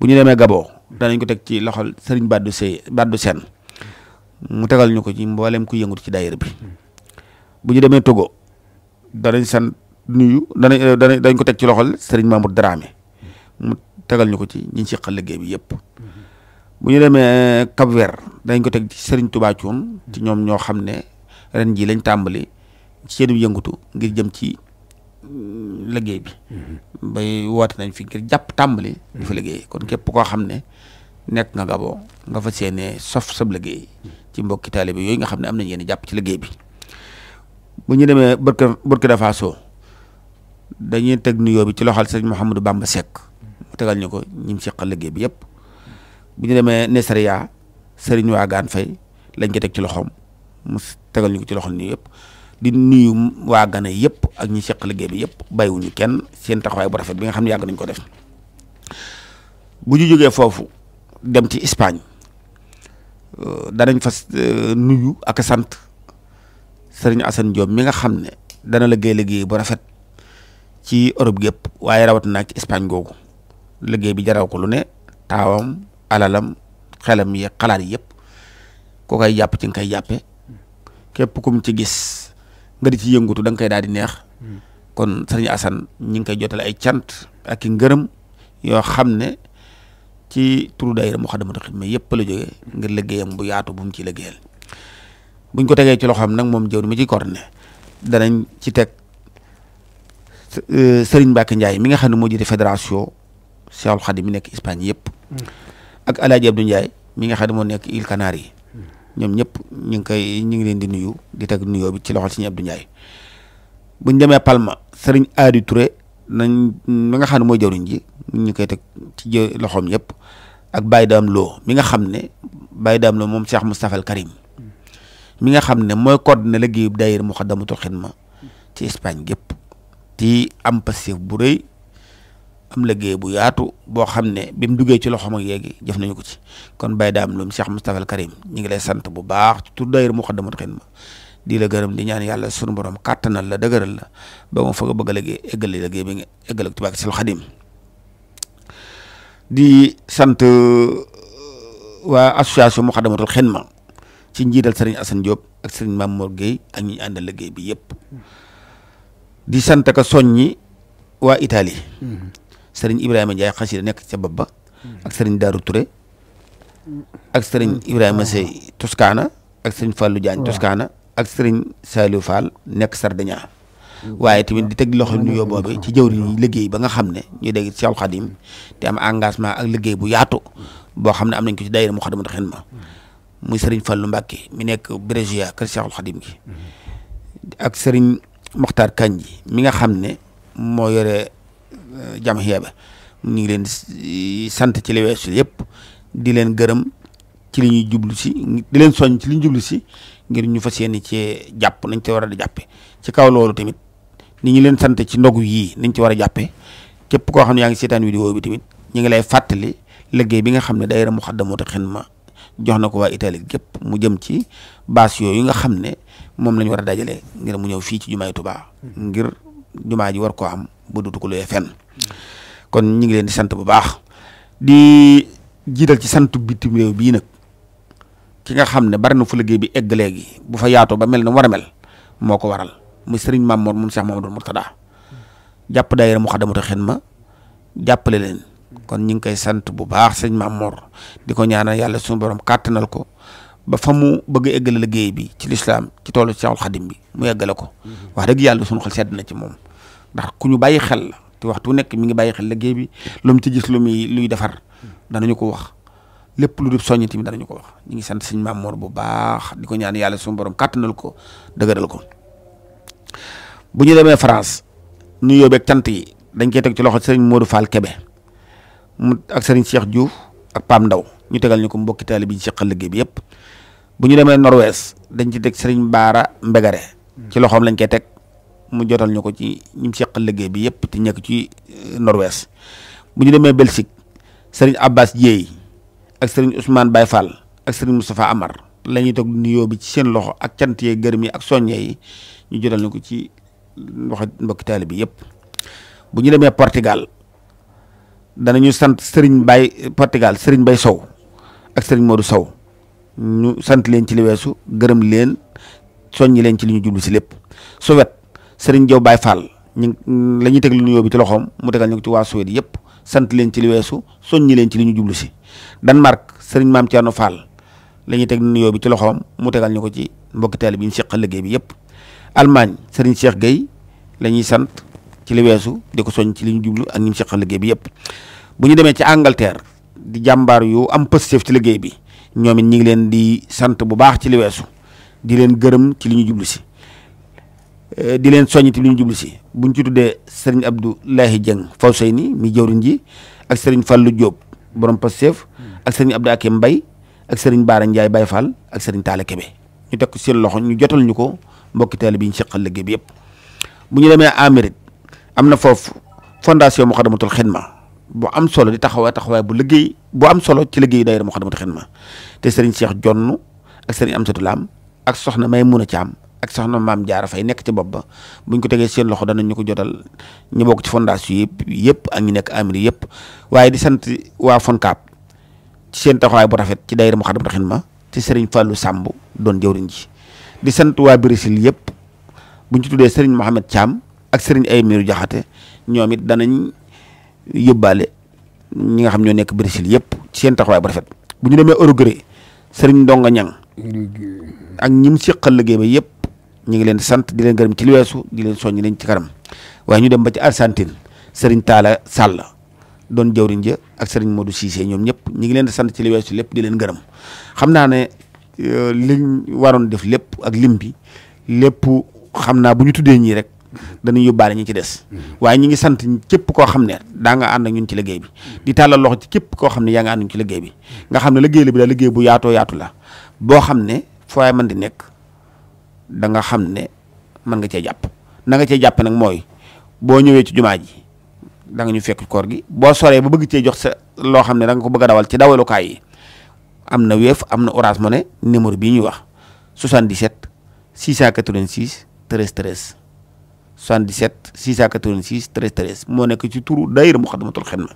bu ñu demee Gabon danañ ko teg ci loxol Serigne Badou Seye Badou Sène mu tegal ñu ko ci mboolem ku yëngut ci daayira bi bu ñu demee Togo danañ san nuyu ko teg ci loxol Serigne Mamoud Dramé mu tegal ñu ko ci ñi seqal liggéey bi yëpp. bu ñu demee eh, Cap Vert dañ ko teg ci Serigne Touba Thioune ci ñoom ñoo xam ne ren jii lañ tàmbali ci seen yëngutu ngir jëm ci. liggéey bi. bay woote nañ fi ngir jàpp tàmbali. di fa mm-hmm. liggéey kon képp koo xam ne nekk nga Gabon nga fa seenee sof sab liggéey ci mbokk mbokki taalibe yooyu nga xam ne am nañ yéen jàpp ci liggéey bi. bu ñu demee Burkina Burkina Faso dañuy teg bi ci loxal sëñ Mouhamadou Bamba Seck mu tegal ñu ko ñi mu liggéey bi yëpp demee Nesria sëriñ Waagaan Fay lañ ko teg ci loxoom mu tegal ñu ko ci loxol nii yëpp. di nuyu waa Gana yëpp ak ñi seq liggéey bi yëpp bàyyiwuñu kenn seen taxawaay bu rafet bi nga xam ne yàgg nañ ko def bu ñu jógee foofu dem ci Espagne euh, danañ fa euh, nuyu ak sant sëriñ Assane Diop mi nga xam ne dana leggéey liggéey bu rafet ci Europe gépp waaye rawatina ci Espagne googu liggéey bi jaraw ko lu ne taawam alalam xelam yi xalaat yëpp ku koy jàpp ci nga koy jàppe képp kum ci gis. nga di ci yëngutu da nga koy daal di neex hmm. kon sëriñ Assane ñi ngi koy jotale ay cant ak i ngërëm yoo xam ne ci turu daayira Moukhaddamatoul Khidma yëpp la jógee ngir liggéeyam bu yaatu bu ci ciy liggéeyal buñ ko tegee ci loxoom nag moom jëw ni ci ciy coordonné danañ ci teg euh, Serigne Mbacke njaay mi nga xam ne moo jiite fédération Cheikhoul Khadim mi nekk Espagne yëpp hmm. ak Alaaji Abdou Ndiaye mi nga xam ne moo nekk Îles Canaries ñoom ñëpp ñu ngi koy ñu ngi leen di nuyu di teg nuyoo bi ci loxo Serigne Abdou Ndiaye bu ñu demee Palma Serigne Adi Touré nañ mi nga xam ne mooy jawriñ ji ñu koy teg ci loxoom yëpp ak Baye Dame Lo mi nga xam ne Baye Dame Lo moom Cheikh Moustapha Al Karim mi nga xam ne mooy coordonné liggéeyu daayira Muxaddamatul Xidma ci Espagne gépp ci am passif bu rëy. am liggéey bu yaatu boo xam ne bi mu dugee ci loxoom ak yéegi jëf nañu ko ci kon Baye daam Loum Cheikh Moustapha Al Karim ñu ngi lay sant bu baax ci tur daayira Moukhaddamatoul Khidma di la gërëm di ñaan yàlla sunu borom kàttanal la dëgëral la ba nga bëgg a liggéey eggale nga eggale ci bàkk sil xadim di sant euh, waa association Moukhaddamatoul Khidma ci njiital Serigne assan Diop ak ma Mamour Guèye ak ñi àndal liggéey bi yëpp di sant ka soññi waa Italie mm-hmm. sëriñ Ibrahima Ndiaye xasida nekk ca bopp ba ak sëriñ Darou Touré ak sëriñ Ibrahima Sey Toscana ak sëriñ Fallou Diagne Toscana ak sëriñ Saliou Fall nekk Sardinia waaye tamit di teg loxo nuyoo boobu ci jëwriñ liggéey ba nga xam ne ñu dégg Seex Xadim te am engagement ak liggéey bu yaatu boo xam ne am nañ ko ci daayira Moukhaddamatoul Khidma muy sëriñ mi nekk Brésia kër nga xam ne moo yore jamhiya ba ñu ngi leen di sant ci li weesu yëpp di leen gërëm ci li ñuy jublu si di leen soñ ci li ñu jublu si ngir ñu fas yéene cee jàpp nañ ci war a di jàppe ci kaw loolu tamit ni ñu leen sant ci ndogu yii nañ ci war a jàppe képp koo xam ne yaa ngi seetaan vidéo bi tamit ñu ngi lay fàttali liggéey bi nga xam ne day mu moo daayira Moukhaddamatoul ma jox na ko waa Italie gépp mu jëm ci baas yooyu nga xam ne moom la war a dajale ngir mu ñëw fii ci jumaay Tuubaa hmm. ngir jumaa ji war koo am ba dutu ko luyee fenn kon ñu ngi leen sant bu baax di jiital ci sant bitim réew bii nag ki nga xam ne bari na fu liggéey bi egg léegi bu fa yaatoo ba mel ne war a mel moo ko waral muy sëriñ Mamour moom Cheikh Mamadou Mourtada jàpp daayira mu xadamatu xidma jàppale leen kon ñu ngi koy sant bu baax sëriñ Mamour di ko ñaanal yàlla suñu borom kàttanal ko ba fa mu bëgg a la liggéey bi ci lislaam ci toolu Cheikhul Xadim bi mu eggale ko mm-hmm. wax dëgg yàlla suñu xel sedd ci moom ndax ku ñu bàyyi te waxtu nekk mi ngi bàyyi xel liggéey bi lu mu ci gis lu muy luy defar danañu ko wax lépp lu dul soññ tamit danañu ko wax ñu ngi sant suñu maam Mor bu baax di ko ñaan yàlla suñu borom kàttanal ko dëgëral ko. bu ñu demee France ñu yóbbeeg cant yi dañ koy teg ci loxo Serigne Modou Fall Kebe mu ak Serigne Cheikh Diouf ak Pam Ndaw ñu tegal ñu ko mbokki taalibe bi ci xel liggéey bi yëpp bu ñu demee Norvège dañ ci teg Serigne Baara Mbegare ci loxoom lañ koy teg. mu jotal ñu ko ci ñim seqal liggéey bi yëpp te ñekk ci euh, Norvège bu ñu demee Belgique sëriñ Abbas Dieye ak sëriñ Ousmane Baye Fall ak sëriñ Moustapha Amar lañuy ñuy toog nuyoo bi ci seen loxo ak cant yee gërëm yi ak soññe yi ñu jotal ñu ko ci loxo mbokki taalibe bi yëpp bu ñu demee Portugal danañu sant sëriñ Baye Portugal sëriñ bay Sow ak sëriñ Modou Sow ñu sant leen ci liweesu gërëm leen soñ soññi leen ci li ñu jublu si lépp su Serigne Diop Baye Fall ñu la ñuy teg lu nuyoo bi ci loxoom mu tegal ñu ko ci waa Suède yëpp sant leen ci li weesu ñi leen ci lu ñu jublu si Danemark Serigne maam Thierno Fall la ñuy teg lu nuyoo bi ci loxoom mu tegal ñu ko ci mbokki teel bi ñu seqal liggéey bi yëpp almaañ Serigne Cheikh Gueye lañuy ñuy sant ci li weesu di ko soñ ci li ñu jublu ak ñi seqal liggéey bi yëpp bu ñu demee ci Angleterre di jàmbaar yu am pëstef ci liggéey bi ñoom it ñu ngi leen di sant bu baax ci li di leen gërëm ci li ñu jublu si Eh, di leen soññiti lu ñu jublu si buñ ci tuddee sëriñ Abdoulahi Dieng Fawseyni mi jëwriñ ji ak sëriñ Fallou Diop borom Pastef ak sëriñ Abdou Mbay ak sëriñ Baara Ndiaye Baye Fall ak sëriñ Talla ñu teg ko seen loxo ñu jotal ñu ko mbokki taalibe bi ñu seqal liggéey bi yëpp. bu ñu demee Amérique am na foofu fondation Moukhaddamatoul Khidma bu am solo di taxawaay taxawaay bu liggéey bu am solo ci liggéey daayira Moukhaddamatoul Khidma te sëriñ Cheikh Jonn ak sëriñ Amsatou Lam ak soxna may Maymuna Thiam ak soxna maam jaar Faye nekk ci bopp ba buñ ko tegee seen loxo danañ ñu ko jotal ñu bokk ci fondation yëpp yëpp ak ñu nekk amiri yëpp waaye di sant waa FONCAB ci seen taxawaay bu rafet ci daayira Moukhaddamatoul Khidma ci Serigne Fallou Samb doon jëwriñ ji di sant waa Brésil buñ tuddee Serigne Mohamed Thiam ak Serigne Aymiru Jaxate ñoom it danañ yóbbaale ñi nga xam ñoo nekk Brésil yëpp ci seen taxawaay bu rafet bu ñu demee Orogré Serigne Ndonga Ñang ak ñim siqal liggéey ba yëpp ñu ngi leen sant di leen gërëm ci liweesu weesu di leen soññi leen ci kanam waaye ñu dem ba ci Argentine Serigne taala Sall doon jawriñ jë ak Serigne Modou Cissé ñoom ñëpp ñu ngi leen di sant ci li weesu lépp di leen gërëm xam naa ne euh, liñ waroon def lépp ak lim lépp xam naa bu ñu tuddee ñii rek dana ñu yóbbaale ñi ci des mm-hmm. waaye ñi ngi sant képp koo xam ne daa nga ànd ñun ci liggéey bi mm-hmm. di tàllal loxo ci képp koo xam ne yaa nga ànd ñun ci liggéey bi nga xam ne liggéey la bi daal liggéey bu yaatoo yaatu la boo xam ne foo man di nekk da nga xam ne mën nga cee jàpp na nga cee jàpp nag mooy boo ñëwee ci jumaa ji da nga ñu fekk koor gi boo soree ba bëgg cee jox sa loo xam ne da nga ko bëgg a dawal ci dawalukaay yi am na Wave am na Orange Money numéro bii ñuy wax 77 686 13 13 77 686 13 13 moo nekk ci turu daayira Muxaddamatul Xidma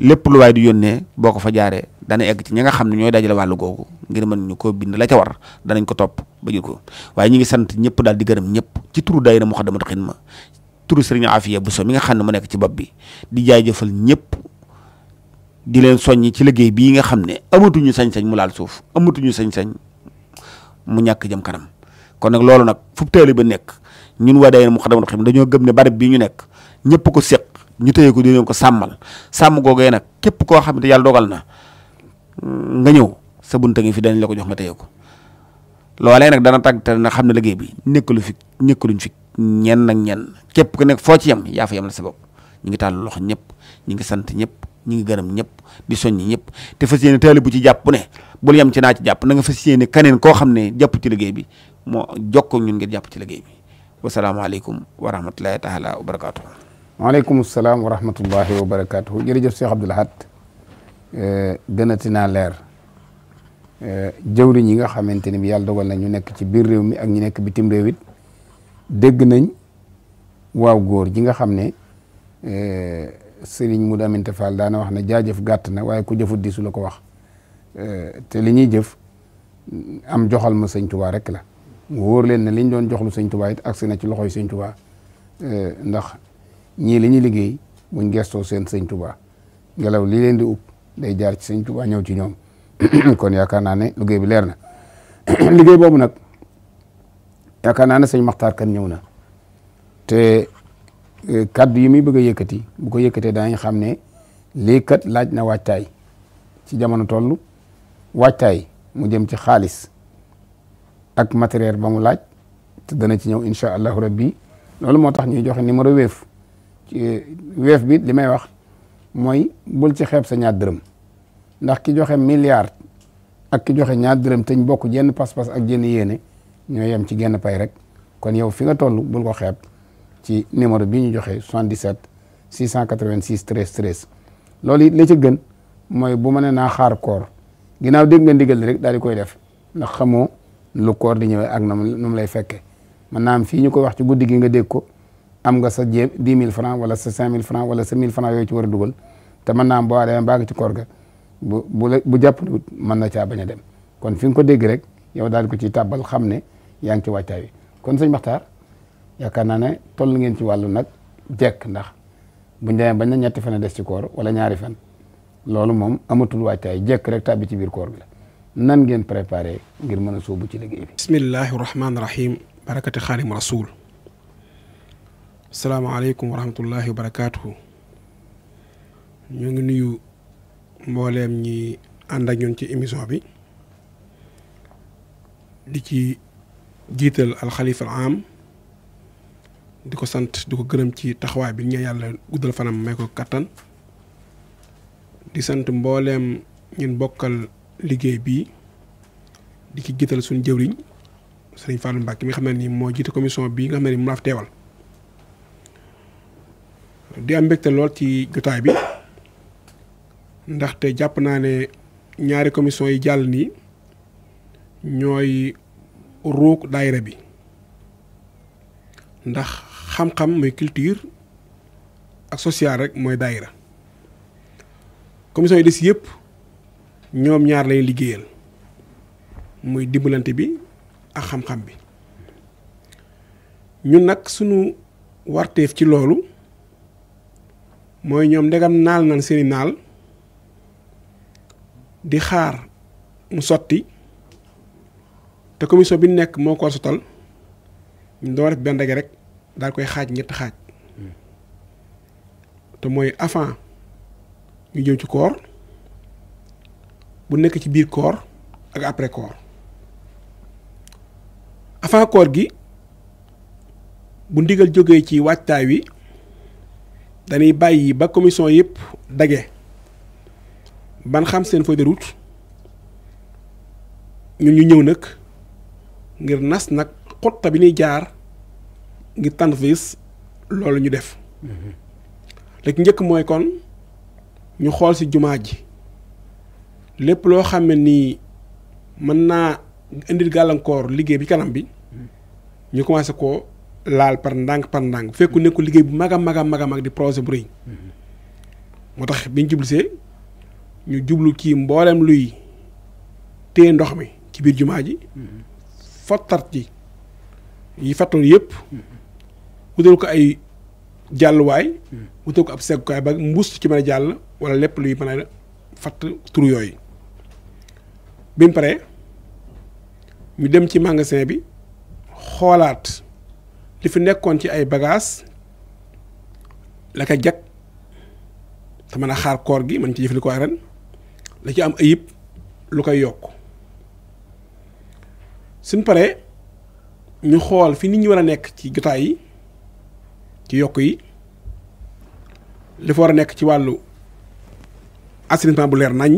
lépp lu waay di yónnee boo ko fa jaaree dana egg ci ñi nga xam ne ñooy dajale wàllu googu ngir mën ñu koo bind la ca war danañ ko topp ba jël ko waaye ñu ngi sant ñëpp daal di gërëm ñëpp ci turu daayira Moukhaddamatoul Khidma turu Serigne Afia Bousso mi nga xam ne mu nekk ci bopp bi di jaajëfal ñëpp di leen soññ ci liggéey bii nga xam ne amatuñu sañ-sañ mu laal suuf amatuñu sañ-sañ mu ñàkk jëm kanam kon nag loolu nag fu taalibe ba nekk ñun waa daayira Moukhaddamatoul Khidma dañoo gëm ne barab bii ñu nekk ñëpp ko séq ñu téye ko di leen ko sàmmal sàmm googee nag képp koo xam ne yàlla dogal na mm, nga ñëw sa bunta ngi fi dañ la ko jox nga téye ko loolee nag dana tàgg te na xam ne liggéey bi nekkalu fi fi ñenn ak ñenn képp ku nekk foo ci yem yaa fa yem na sa bopp ñu ngi tàll loxo ñëpp ñu ngi sant ñëpp ñu ngi gërëm ñëpp di soññi ñëpp te fas ne taali bu ci jàpp ne bul yem ci naa ci jàpp na nga fas yéene kaneen koo xam ne jàpp ci liggéey bi moo jokko ñun ngi jàpp ci liggéey bi wasalaamaaleykum wa rahmatullahi taala wa barakaatu. waaleykum salaam wa rahmatullahi wa barakaatu jërëjëf Cheikh Abdoul Ahad eh, gënati naa leer eh, jëwriñ ñi nga xamante ni bi yàlla dogal na ñu nekk ci biir réew mi ak ñu nekk bitim réew it dégg nañ waaw góor ji nga xam ne eh, sëriñ mu daminte Fall daana wax na jaajëf gàtt na waaye ku jëfut di su la ko wax te li ñuy jëf am joxal ma sëñ Tuubaa rek la wóor leen ne liñ doon joxlu sëñ Tuubaa it agsi na ci loxoy sëñ Tuubaa ndax ñii li ñuy liggéey buñ gestoo seen sëñ Touba ngelaw li leen di upp day jaar ci sëñ Touba ñëw ci ñoom [COUGHS] kon yaakaar naa ne liggéey bi leer na [COUGHS] liggéey boobu nag yaakaar naa ne sëñ Maxtaar kan ñëw na te eh, kaddu yi muy bëgg a yëkkati bu ko yëkkatee daañu xam ne lii kat laaj na waajtaay ci jamono toll waajtaay mu jëm ci xaalis ak matériel ba mu laaj te dana ci ñëw incha allahu rabbi loolu moo tax ñuy joxe numéro Wave weef bi li may wax mooy bul ci xeeb sa ñaar dërëm ndax ki joxe milliard ak ki joxe ñaar dërëm te ñu bokk jenn pas-pas ak jenn yéene ñoo yem ci genn pay rek kon yow fi nga toll bul ko xeeb ci numéro bi ñu joxe 77 686 13 13 loolu it la ci gën mooy bu ma ne naa xaar koor ginnaaw dégg nga gën rek daal di koy def ndax xamoo lu koor di ñëwee ak na mu lay fekke man naam fii ñu ko wax ci guddi gi nga dégg ko am nga sa jéem dix mille franc wala sa cinq mille franc wala sa mille franc yooyu ci war a dugal te naa am boo demee baa ngi ci koor ga bu bu bu jàppandiwut mën na caa bañ a dem kon fi nga ko dégg rek yow daal ko ci tàbbal xam ne yaa ngi ci waajtaay wi kon sëñ Maxtaar yaakaar naa ne toll ngeen ci wàllu nag jekk ndax buñ demee bañ na ñetti fan a des ci koor wala ñaari fan loolu moom amatul waajtaay jekk rek tàbbi ci biir koor bi la nan ngeen préparé ngir mën a sóobu ci liggéey bi bismillahi rahmaani rahim barakati xaalim rasul salaamaaleykum wa rahmatullahi wa barakaatu. ñu ngi nuyu mbooleem ñi ànd ak ñun ci émission bi di ci jiital alxalifa al am di ko sant di ko gërëm ci taxawaay bi ñu yàlla guddal fanam may ko kàttan di sant mbooleem ñun bokkal liggéey bi di ci jiital suñu jëwriñ sëriñ Fallou Mbacke mi nga xam ne nii moo jiite commission bii nga xam ne nii mu la di am mbégte lool ci jotaay bi ndaxte jàpp naa ne ñaari commission yi jàll ni ñooy ruuk daayira bi ndax xam-xam muy culture ak social rek mooy daayira commission yi des yëpp ñoom ñaar lay liggéeyal muy dimbalante bi ak xam-xam bi ñun nag suñu warteef ci loolu mooy ñoom ndegam naal nañ seeni naal di xaar mu sotti te commission bi nekk moo ko sotal ñu doo def benn rek daal koy xaaj ñetti xaaj te mooy avant ñu jëm ci koor bu nekk ci biir koor ak après koor avant koor gi bu ndigal jógee ci waajtaay wi dañuy bàyyi ba commission yëpp dage ban xam seen feuille de route ñu ñëw nag ngir nas nag xotta bi ñuy jaar ngir tànn vis loolu ñu def mm-hmm. léegi njëkk mooy kon ñu xool ci jumaa ji lépp loo xam ne nii mën naa indil gàllankoor liggéey bi kanam bi mm-hmm. ñu commencé ko laal par ndànk par ndànk bu fekku nekku liggéey bu mag a mag a mag a mag di projet bu rëy mm-hmm. moo tax biñ jublu see ñu jublu ci mboolem luy téye ndox mi ci biir jumaa ji mm-hmm. fottat ji yi fattoon yëpp mm-hmm. wutal ko ay jàlluwaay wutal ko ab seggukaay ba mbuus ci mën a jàll wala lépp luy mën a fatt turu yooyu bi mu paree ñu dem ci magasin bi xoolaat li fi nekkoon ci ay bagaas la ko jag te mën a xaar koor gi man ci jëfandikoo ko ren la ci am ayib lu koy yokk suñ paree ñu xool fii nit ñu war a nekk ci jotaay yi ci yokk yi li fa war a nekk ci wàllu assainissement bu leer nañ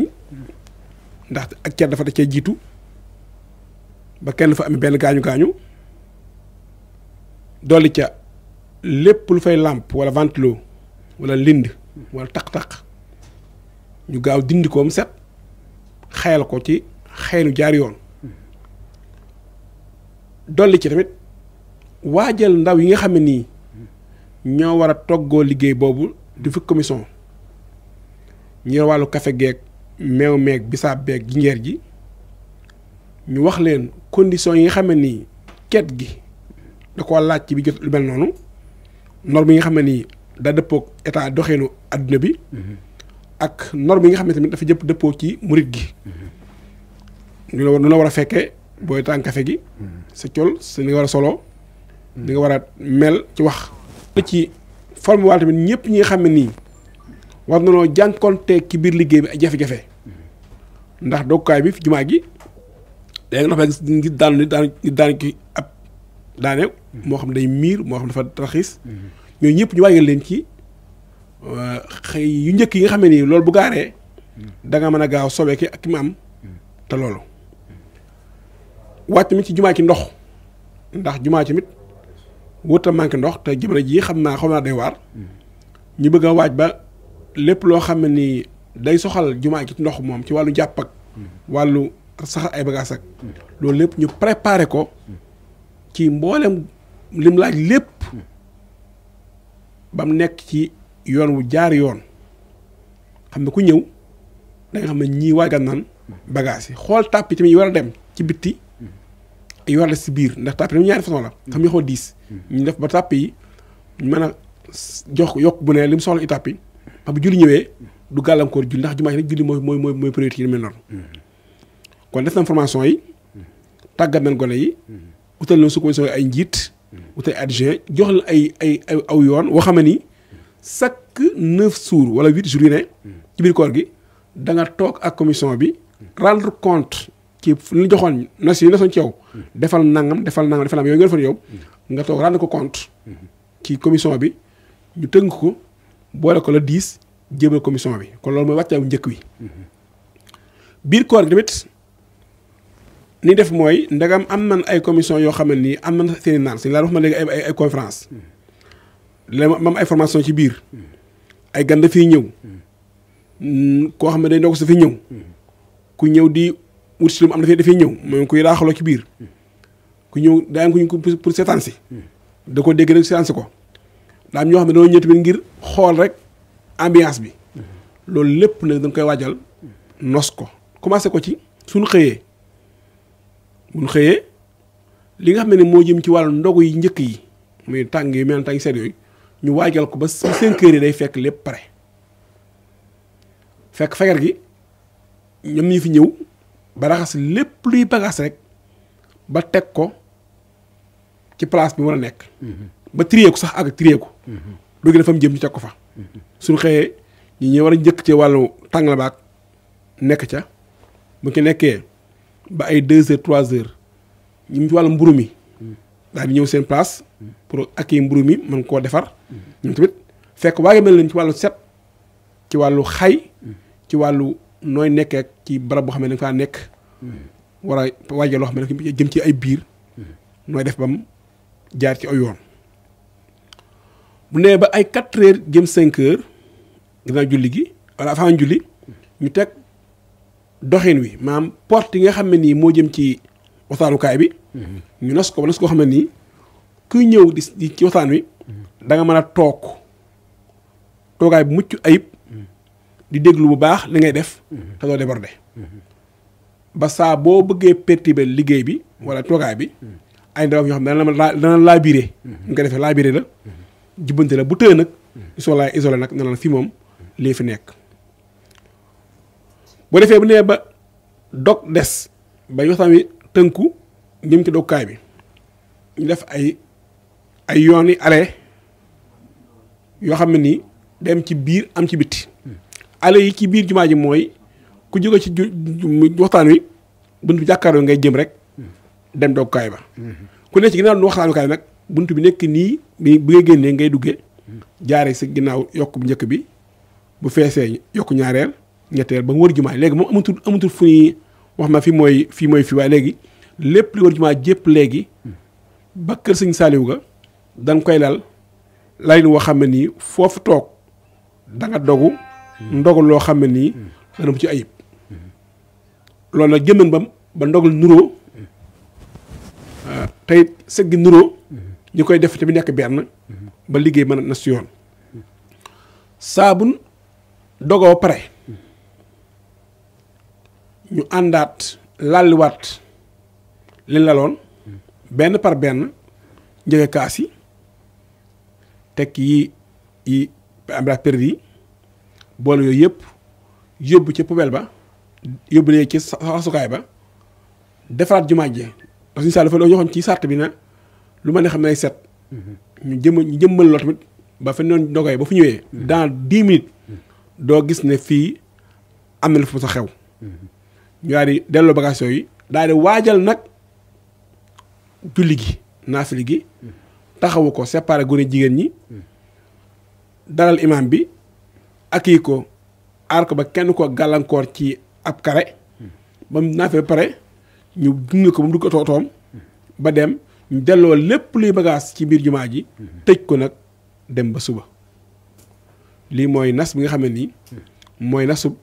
ndax ak cer dafa da cee jiitu ba kenn fa amee benn gaañu gaañu. dolli ca lépp lu fay làmp wala ventilo wala lind wala taq-taq ñu gaaw dindi ko set xayal ko ci xaynu jaar yoon dolli ci tamit waa waajal ndaw yi nga xam ne nii ñoo war a toggoo liggéey boobu du fi commission ñu wàllu kafe geeg meew meeg bisaab beeg jinjeer ji ñu wax leen condition yi nga xam ne nii ket gi da koo laaj ci bi jot lu mel noonu normes yi nga xam ne nii daa dëppoog état doxeenu adduna bi ak normes yi nga xam ne tamit dafa jëpp dëppoo ci murit gi ñu nu la war a fekkee booy tànk kafe gi sa col sa ni nga war a solo ni nga war a mel ci wax ci forme tamit ñëpp ñi nga xam ne nii war na noo jànkonteeg ki biir liggéey bi ay jafe-jafe ndax doggukaay bi fi jumaa gi léegi nga dafa gis daan daan daan ki ab daaneew mm-hmm. moo xam day miir moo xam dafa raxis mm-hmm. ñooñu ñëpp ñu wàññil leen ci euh, xëy yu njëkk yi nga xam ne nii loolu bu gaaree mm-hmm. danga mën a gaaw sobee ki ak ki mu am te loolu wàcc mi ci jumaa ci ndox ndax jumaa ci mit wut a manqué ndox te jamono ji xam naa xam naa day waar ñu bëgg a waaj ba lépp loo xam ne nii day soxal jumaa ci ndox moom ci wàllu jàpp wàllu saxal ay bagaas ak loolu lépp ñu préparé ko ci mboolem lim laaj lépp ba mu nekk ci yoon wu jaar yoon xam ne ku ñëw da nga xam ne ñii waagal naan bagage yi xool tàpp yi tamit yi war a dem ci bitti yi war a des si biir ndax tàpp yi ñaari façon la xam diis ñu def ba tàpp mën a jox yokk bu ne li mu soxla i tàpp yi xam bu julli ñëwee du gàllankoor julli ndax jumaa ji nag julli mooy mooy mooy mooy priorité yi mel noonu kon def na formation yi tàggat nañ gone yi utal na su commission ay njiit. utal adjoint jox la ay ay aw yoon woo xam ne ni chaque neuf jours wala huit jours yu ne. ci biir koor gi danga toog ak commission bi. rendre compte ci lu ñu joxoon na si na soon ci yow. defal nangam defal nangam defal nangam yooyu nga defoon yow. nga toog rendre ko compte. ci commission bi ñu tënk ko boole ko la dix jébal commission bi kon loolu mooy wàcce bu njëkk wi. biir koor gi tamit. ni def mooy ndegam am nan ay commission yoo xam ne nii am na seen i naan si ma wax ma léegi ay ay conférence hmm. la ma am ay formation ci biir hmm. ay gan dafay ñëw hmm. koo xam ne day ndox ñëw ku ñëw di wut si am dafay dafay ñëw moom kuy raaxaloo ci biir ku ñëw daa am ku ñu pour seetaan si da ko dégg rek seetaan ko daa am ñoo xam ne dañoo ñëw tamit ngir xool rek ambiance bi loolu lépp nag dañ koy waajal nos ko commencé ko ci suñu xëyee mun xëyee li nga xam ne moo jëm ci wàllu ndogu yi njëkk yi muy tàng yu mel ne tàng seet yooyu ñu waajal ko ba cinq heures yi day fekk lépp pare fekk fajar gi ñoom ñu fi ñëw ba raxas lépp luy bagaas rek ba teg ko ci place bi war a nekk. Mhm. ba trier ko sax ak trier ko. dugg mhm. dafa jëm ñu teg ko fa. Mhm. suñu xëyee ñu ñëw war a njëkk ci wàllu tàng la baag nekk ca bu ci nekkee. ba ay deux heures trois heures ñu ci wàllu mburu mi daal ñëw seen place pour ak yi mburu mi mën koo defar ñoom tamit fekk waaye mel nañ ci wàllu set ci wàllu xay ci wàllu nooy nekkee ci barab boo xam ne danga faa nekk wara a loo xam ne jëm ci ay biir nooy def bam jaar ci ay yoon bu nee ba ay quatre jëm cinq heures ginnaaw julli gi wala avant julli ñu teg doxin wi maam port yi nga xam ne nii moo jëm ci waxtaanukaay bi. Mhm. ñu nos ko ba nas koo xam ne nii kuy ñëw di ci waxtaan wi. Mhm. danga mën a toog tookaay bu mucc ayib. Mhm. di déglu bu baax li ngay def. te doo débordé. ba saa boo bëggee perturber liggéey bi wala tookaay bi. ay ndaw ñoo xam ne dana la dana laabiré. ñu ko defee laabiré la. jubbante la bu tëye nag. isolé isolé nag nee na fi moom lii fi nekk. bu defee bu nee ba dog des ba yoxam wi tënku jëm ci dogkaay bi ñu def ay ay yoon yi ale yoo xam ne nii dem ci biir am ci biti ale yi ci biir jumaa ji mooy ku jóge ci waxtaan wi bunt bi jàkkaarloo ngay jëm rek dem dogkaay ba ku ne ci ginnaaw nu waxtaan kaay nag bunt bi nekk nii bi ngay génnee ngay dugge jaare si ginnaaw yokk bu njëkk bi bu feesee yokk ñaareel ñetteel ba mu wër jumaa léegi moom amatul amatul fu ñuy wax ma fi mooy fii mooy fii waaye léegi lépp li wër jumaa jépp léegi ba kër sëñ Saaliw ga danga koy lal lalin woo xam ne nii foofu toog danga dogu ndogu loo xam ne nii dana mu ci ayib loolu nag jëmmen bam ba ndogal niroo ah, tey sëggi nuróo ñu koy def tamit nekk benn ba liggéey mën na si yoon saabun dogoo pare ñu àndaat làlliwaat liñ laloon benn par benn njëge kaas yi tekk yi yi ambra perdi yi boole yooyu yëpp yóbbu ci poubelle ba yóbbu lee ci saxasukaay ba defaraat jumaa ji ndax suñu sàll fa loo joxoon ci sart bi na lu ma ne xam ne ay set ñu jëm mhm. ñu jëmmal loo tamit ba fa noonu ndogoy ba fu ñëwee mhm. dans dix mhm. doo gis ne fii am na lu fa sa xew ñu daal delloo bagages yooyu daal di waajal nag julli gi naafili gi taxawu ko séparé gone jigéen ñi daral imaam bi ak yi ko aar ko ba kenn ko gàllankoor ci ab kare ba mu naafee pare ñu gunge ko ba mu dugg tootoom ba dem ñu delloo lépp luy bagage ci biir jumaa ji tëj ko nag dem ba suba lii mooy nas bi nga xam ne nii mooy nasub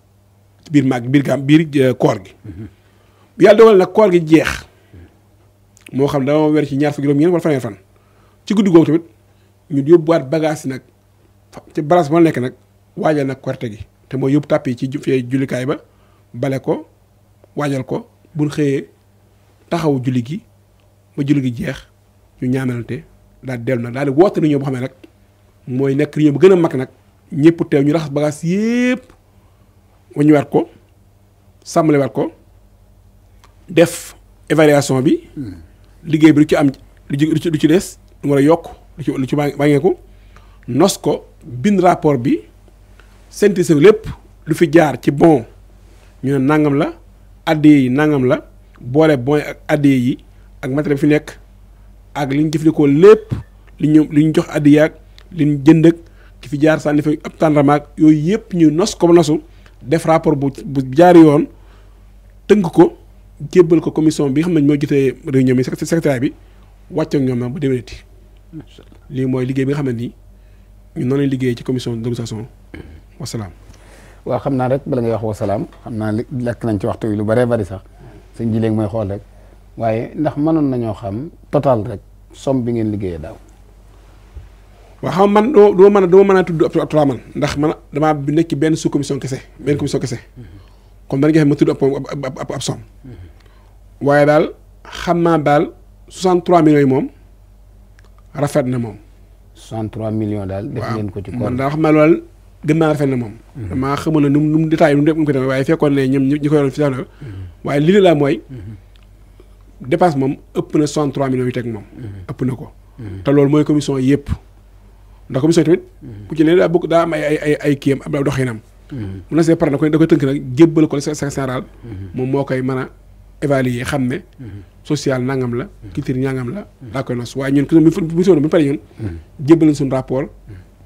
biir màgg biir gàmm biir euh, koor gi bu yàlla dogal nag koor gi jeex moo xam dama wer ci ñaar fukki juróom ñeent wala fanweer fan ci guddi googu tamit ñu yóbbuwaat yi nag ci balaas ba nekk nag waajal nag korte gi te mooy yóbbu tàpp ci fee jullikaay ba bale ko waajal ko buñ xëyee taxawu julli gi ba julli gi jeex ñu ñaanalante daal dellu nag daal di woote nañoo boo xam ne nag mooy nekk réunion bu gën a mag nag ñëpp teew ñu raxas bagage yépp waññiwaat ko sàmmaliwaat ko def évaluation bi liggéey bi lu ci am lu ci lu ci des lu war a yokk lu ci lu ci wàññeeku nos ko bind rapport bi senti sa lépp lu fi jaar ci bon ñu ne nangam la addiya yi nangam la boole bon ak addiya yi ak matériel fi nekk ak li ñu jëfandikoo lépp li ñu li ñu jox addiya ak li ñu jënd ak ki fi jaar sànni fi ab tàndarmaak yooyu yëpp ñu nos ko nosu def rapport bu bu jaar yoon tënk ko jébbal ko commission bi nga xam ne ñoo jotee réunion bi secrétaire bi wàcc ak ñoom nag bu déwénati lii mooy liggéey bi nga xam ne nii ñu noonu liggéey ci commission de négociation wasalaam. waaw xam naa rek bala ngay wax wasalaam xam naa lakk nañ ci waxtu wi lu bëree bari sax sëñ ji léegi mooy xool rek waaye ndax mënoon nañoo xam total rek somme bi ngeen liggéeyee daaw. waaw xam man doo doo mën a doo mën a tudd ab toit man ndax man damaa nekk benn sous commission kese benn commission kese comme dañu koy ma tudd ab ab ab som waaye daal xam naa daal 63 millions yi moom rafet na moom. 63 millions daal. def ko ci kaw man xam naa loolu gën naa rafet na moom. Mhm. damaa xamul ne nu mu nu mu détaillé nu mu ko demee waaye fekkoon ne ñoom ñi ko yoroon fi sax na mhm. waaye li la mooy. Mhm. dépasse moom ëpp na 63 millions yu teg moom. ëpp na ko. te loolu mooy commission yëpp. ndax commission tamit. bu ci nee daa bokk daa am ay ay ay kiyam am ay doxinam. Mm-hmm. mu na pare na ko da koy tënk nag jébbal ko secrétaire général. Mm-hmm. moom moo koy mën a évaluer xam ne. Mm-hmm. social nangam la. culture ñangam la. daa koy nos waaye ñun ku ñu soxla bu ñu paree ñun. na nañ suñu rapport.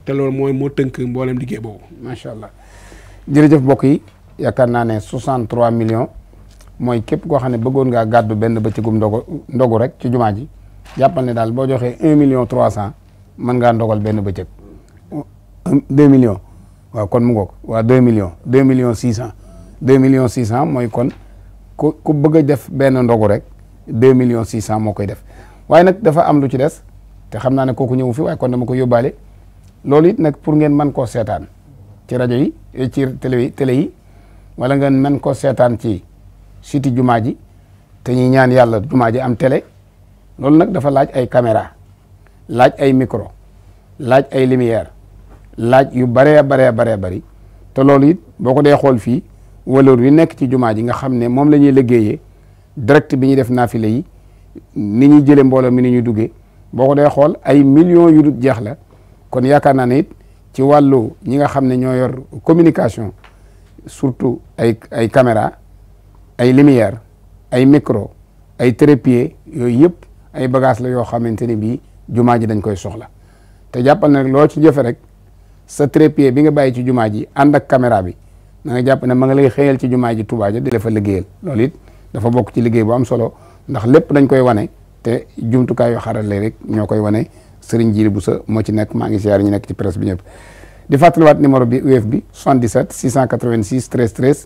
te loolu mooy moo tënk mboolem liggéey boobu. macha allah jërëjëf mbokk yi yaakaar naa ne 63 million mooy képp koo xam ne bëggoon ngaa gàddu benn bëccëgum ndogu ndogu rek ci jumaa ji jàppal ne daal boo joxee 1 million 300. mën ngaa ndogal benn bëccëg deux millions waaw kon mu ngoog waaw deux millions deux millions six cent deux millions six cent mooy kon ku ku bëgg a def benn ndogu rek deux millions six cent moo koy def waaye nag dafa am lu ci des te xam naa ne kooku ñëwu fi waaye kon dama ko yóbbaale loolu it nag pour ngeen mën koo seetaan ci rajo yi eh, ci télé yi télé yi wala ngeen mën koo seetaan ci siti jumaa ji te ñuy ñaan yàlla jumaa ji am télé loolu nag dafa laaj ay caméra laaj ay micro laaj ay lumière laaj yu baree baree baree bari te loolu it boo ko dee xool fii waloor wi nekk ci jumaa ji nga xam ne moom la ñuy liggéeyee direct bi ñuy def naafi yi ni ñuy jëlee mbooloo mi ni ñuy duggee boo ko dee xool ay millions yu dul jeex la kon yaakaar naa ne ci wàllu ñi nga xam ne ñoo yor communication surtout ay ay caméra ay lumière ay micro ay trépied yooyu yëpp ay bagages la yoo xamante ne bii jumaa ji dañ koy soxla te jàppal na loo ci jëfe rek sa trépied bi nga bàyyi ci jumaa ji ànd ak caméra bi na nga jàpp ne ma nga lay xëyal ci jumaa ji Tuubaa di la fa liggéeyal loolu it dafa bokk ci liggéey bu am solo ndax lépp dañ koy wane te jumtukaay yoo xarale rek ñoo koy wane Serigne Djily Bousso moo ci nekk maa ngi siyaar ñu nekk ci presse bi ñëpp di fàttaliwaat numéro bi UF bi 77 686 13 13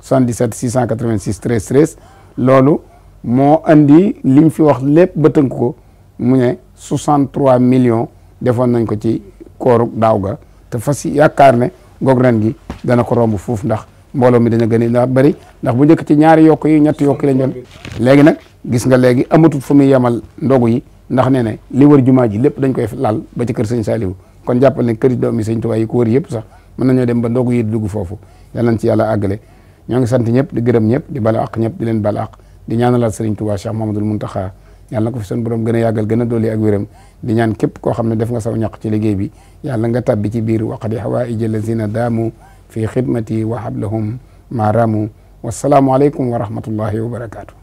77 686 13 13 loolu moo andi liñ fi wax lépp ba ko mu ne 63 million defoon nañ ko ci kooru daaw ga te fas yaakaar ne goog ren gi dana ko romb foofu ndax mbooloo mi dana gën a bëri ndax bu njëkk ci ñaari yokk yi ñetti yokk lañ doon léegi nag gis nga léegi amatul fu muy yemal ndogu yi ndax nee ne li wër jumaa ji lépp dañ koy laal ba ci kër sëñ Saliou kon jàppal ne kër doomi sëñ Tuubaa yi ko yëpp sax mën nañoo dem ba ndogu yi dugg foofu yal nañ ci yàlla àggale ñoo ngi sant ñëpp di gërëm ñëpp di bala ñëpp di leen bala àq di ñaanalaat sëriñ Tuubaa Cheikh Mamadou Mountakha yàlla na ko fi sunu borom gën a yàggal gën a dolli ak wéram di ñaan képp koo xam ne def nga saw ñaq ci liggéey bi yàlla nga tabbi ci biir waqdi hawaaij allazina daamu fi xidmati wa hablahum maaramu wasalaamualeykum wa rahmatullahi wa barakaatu.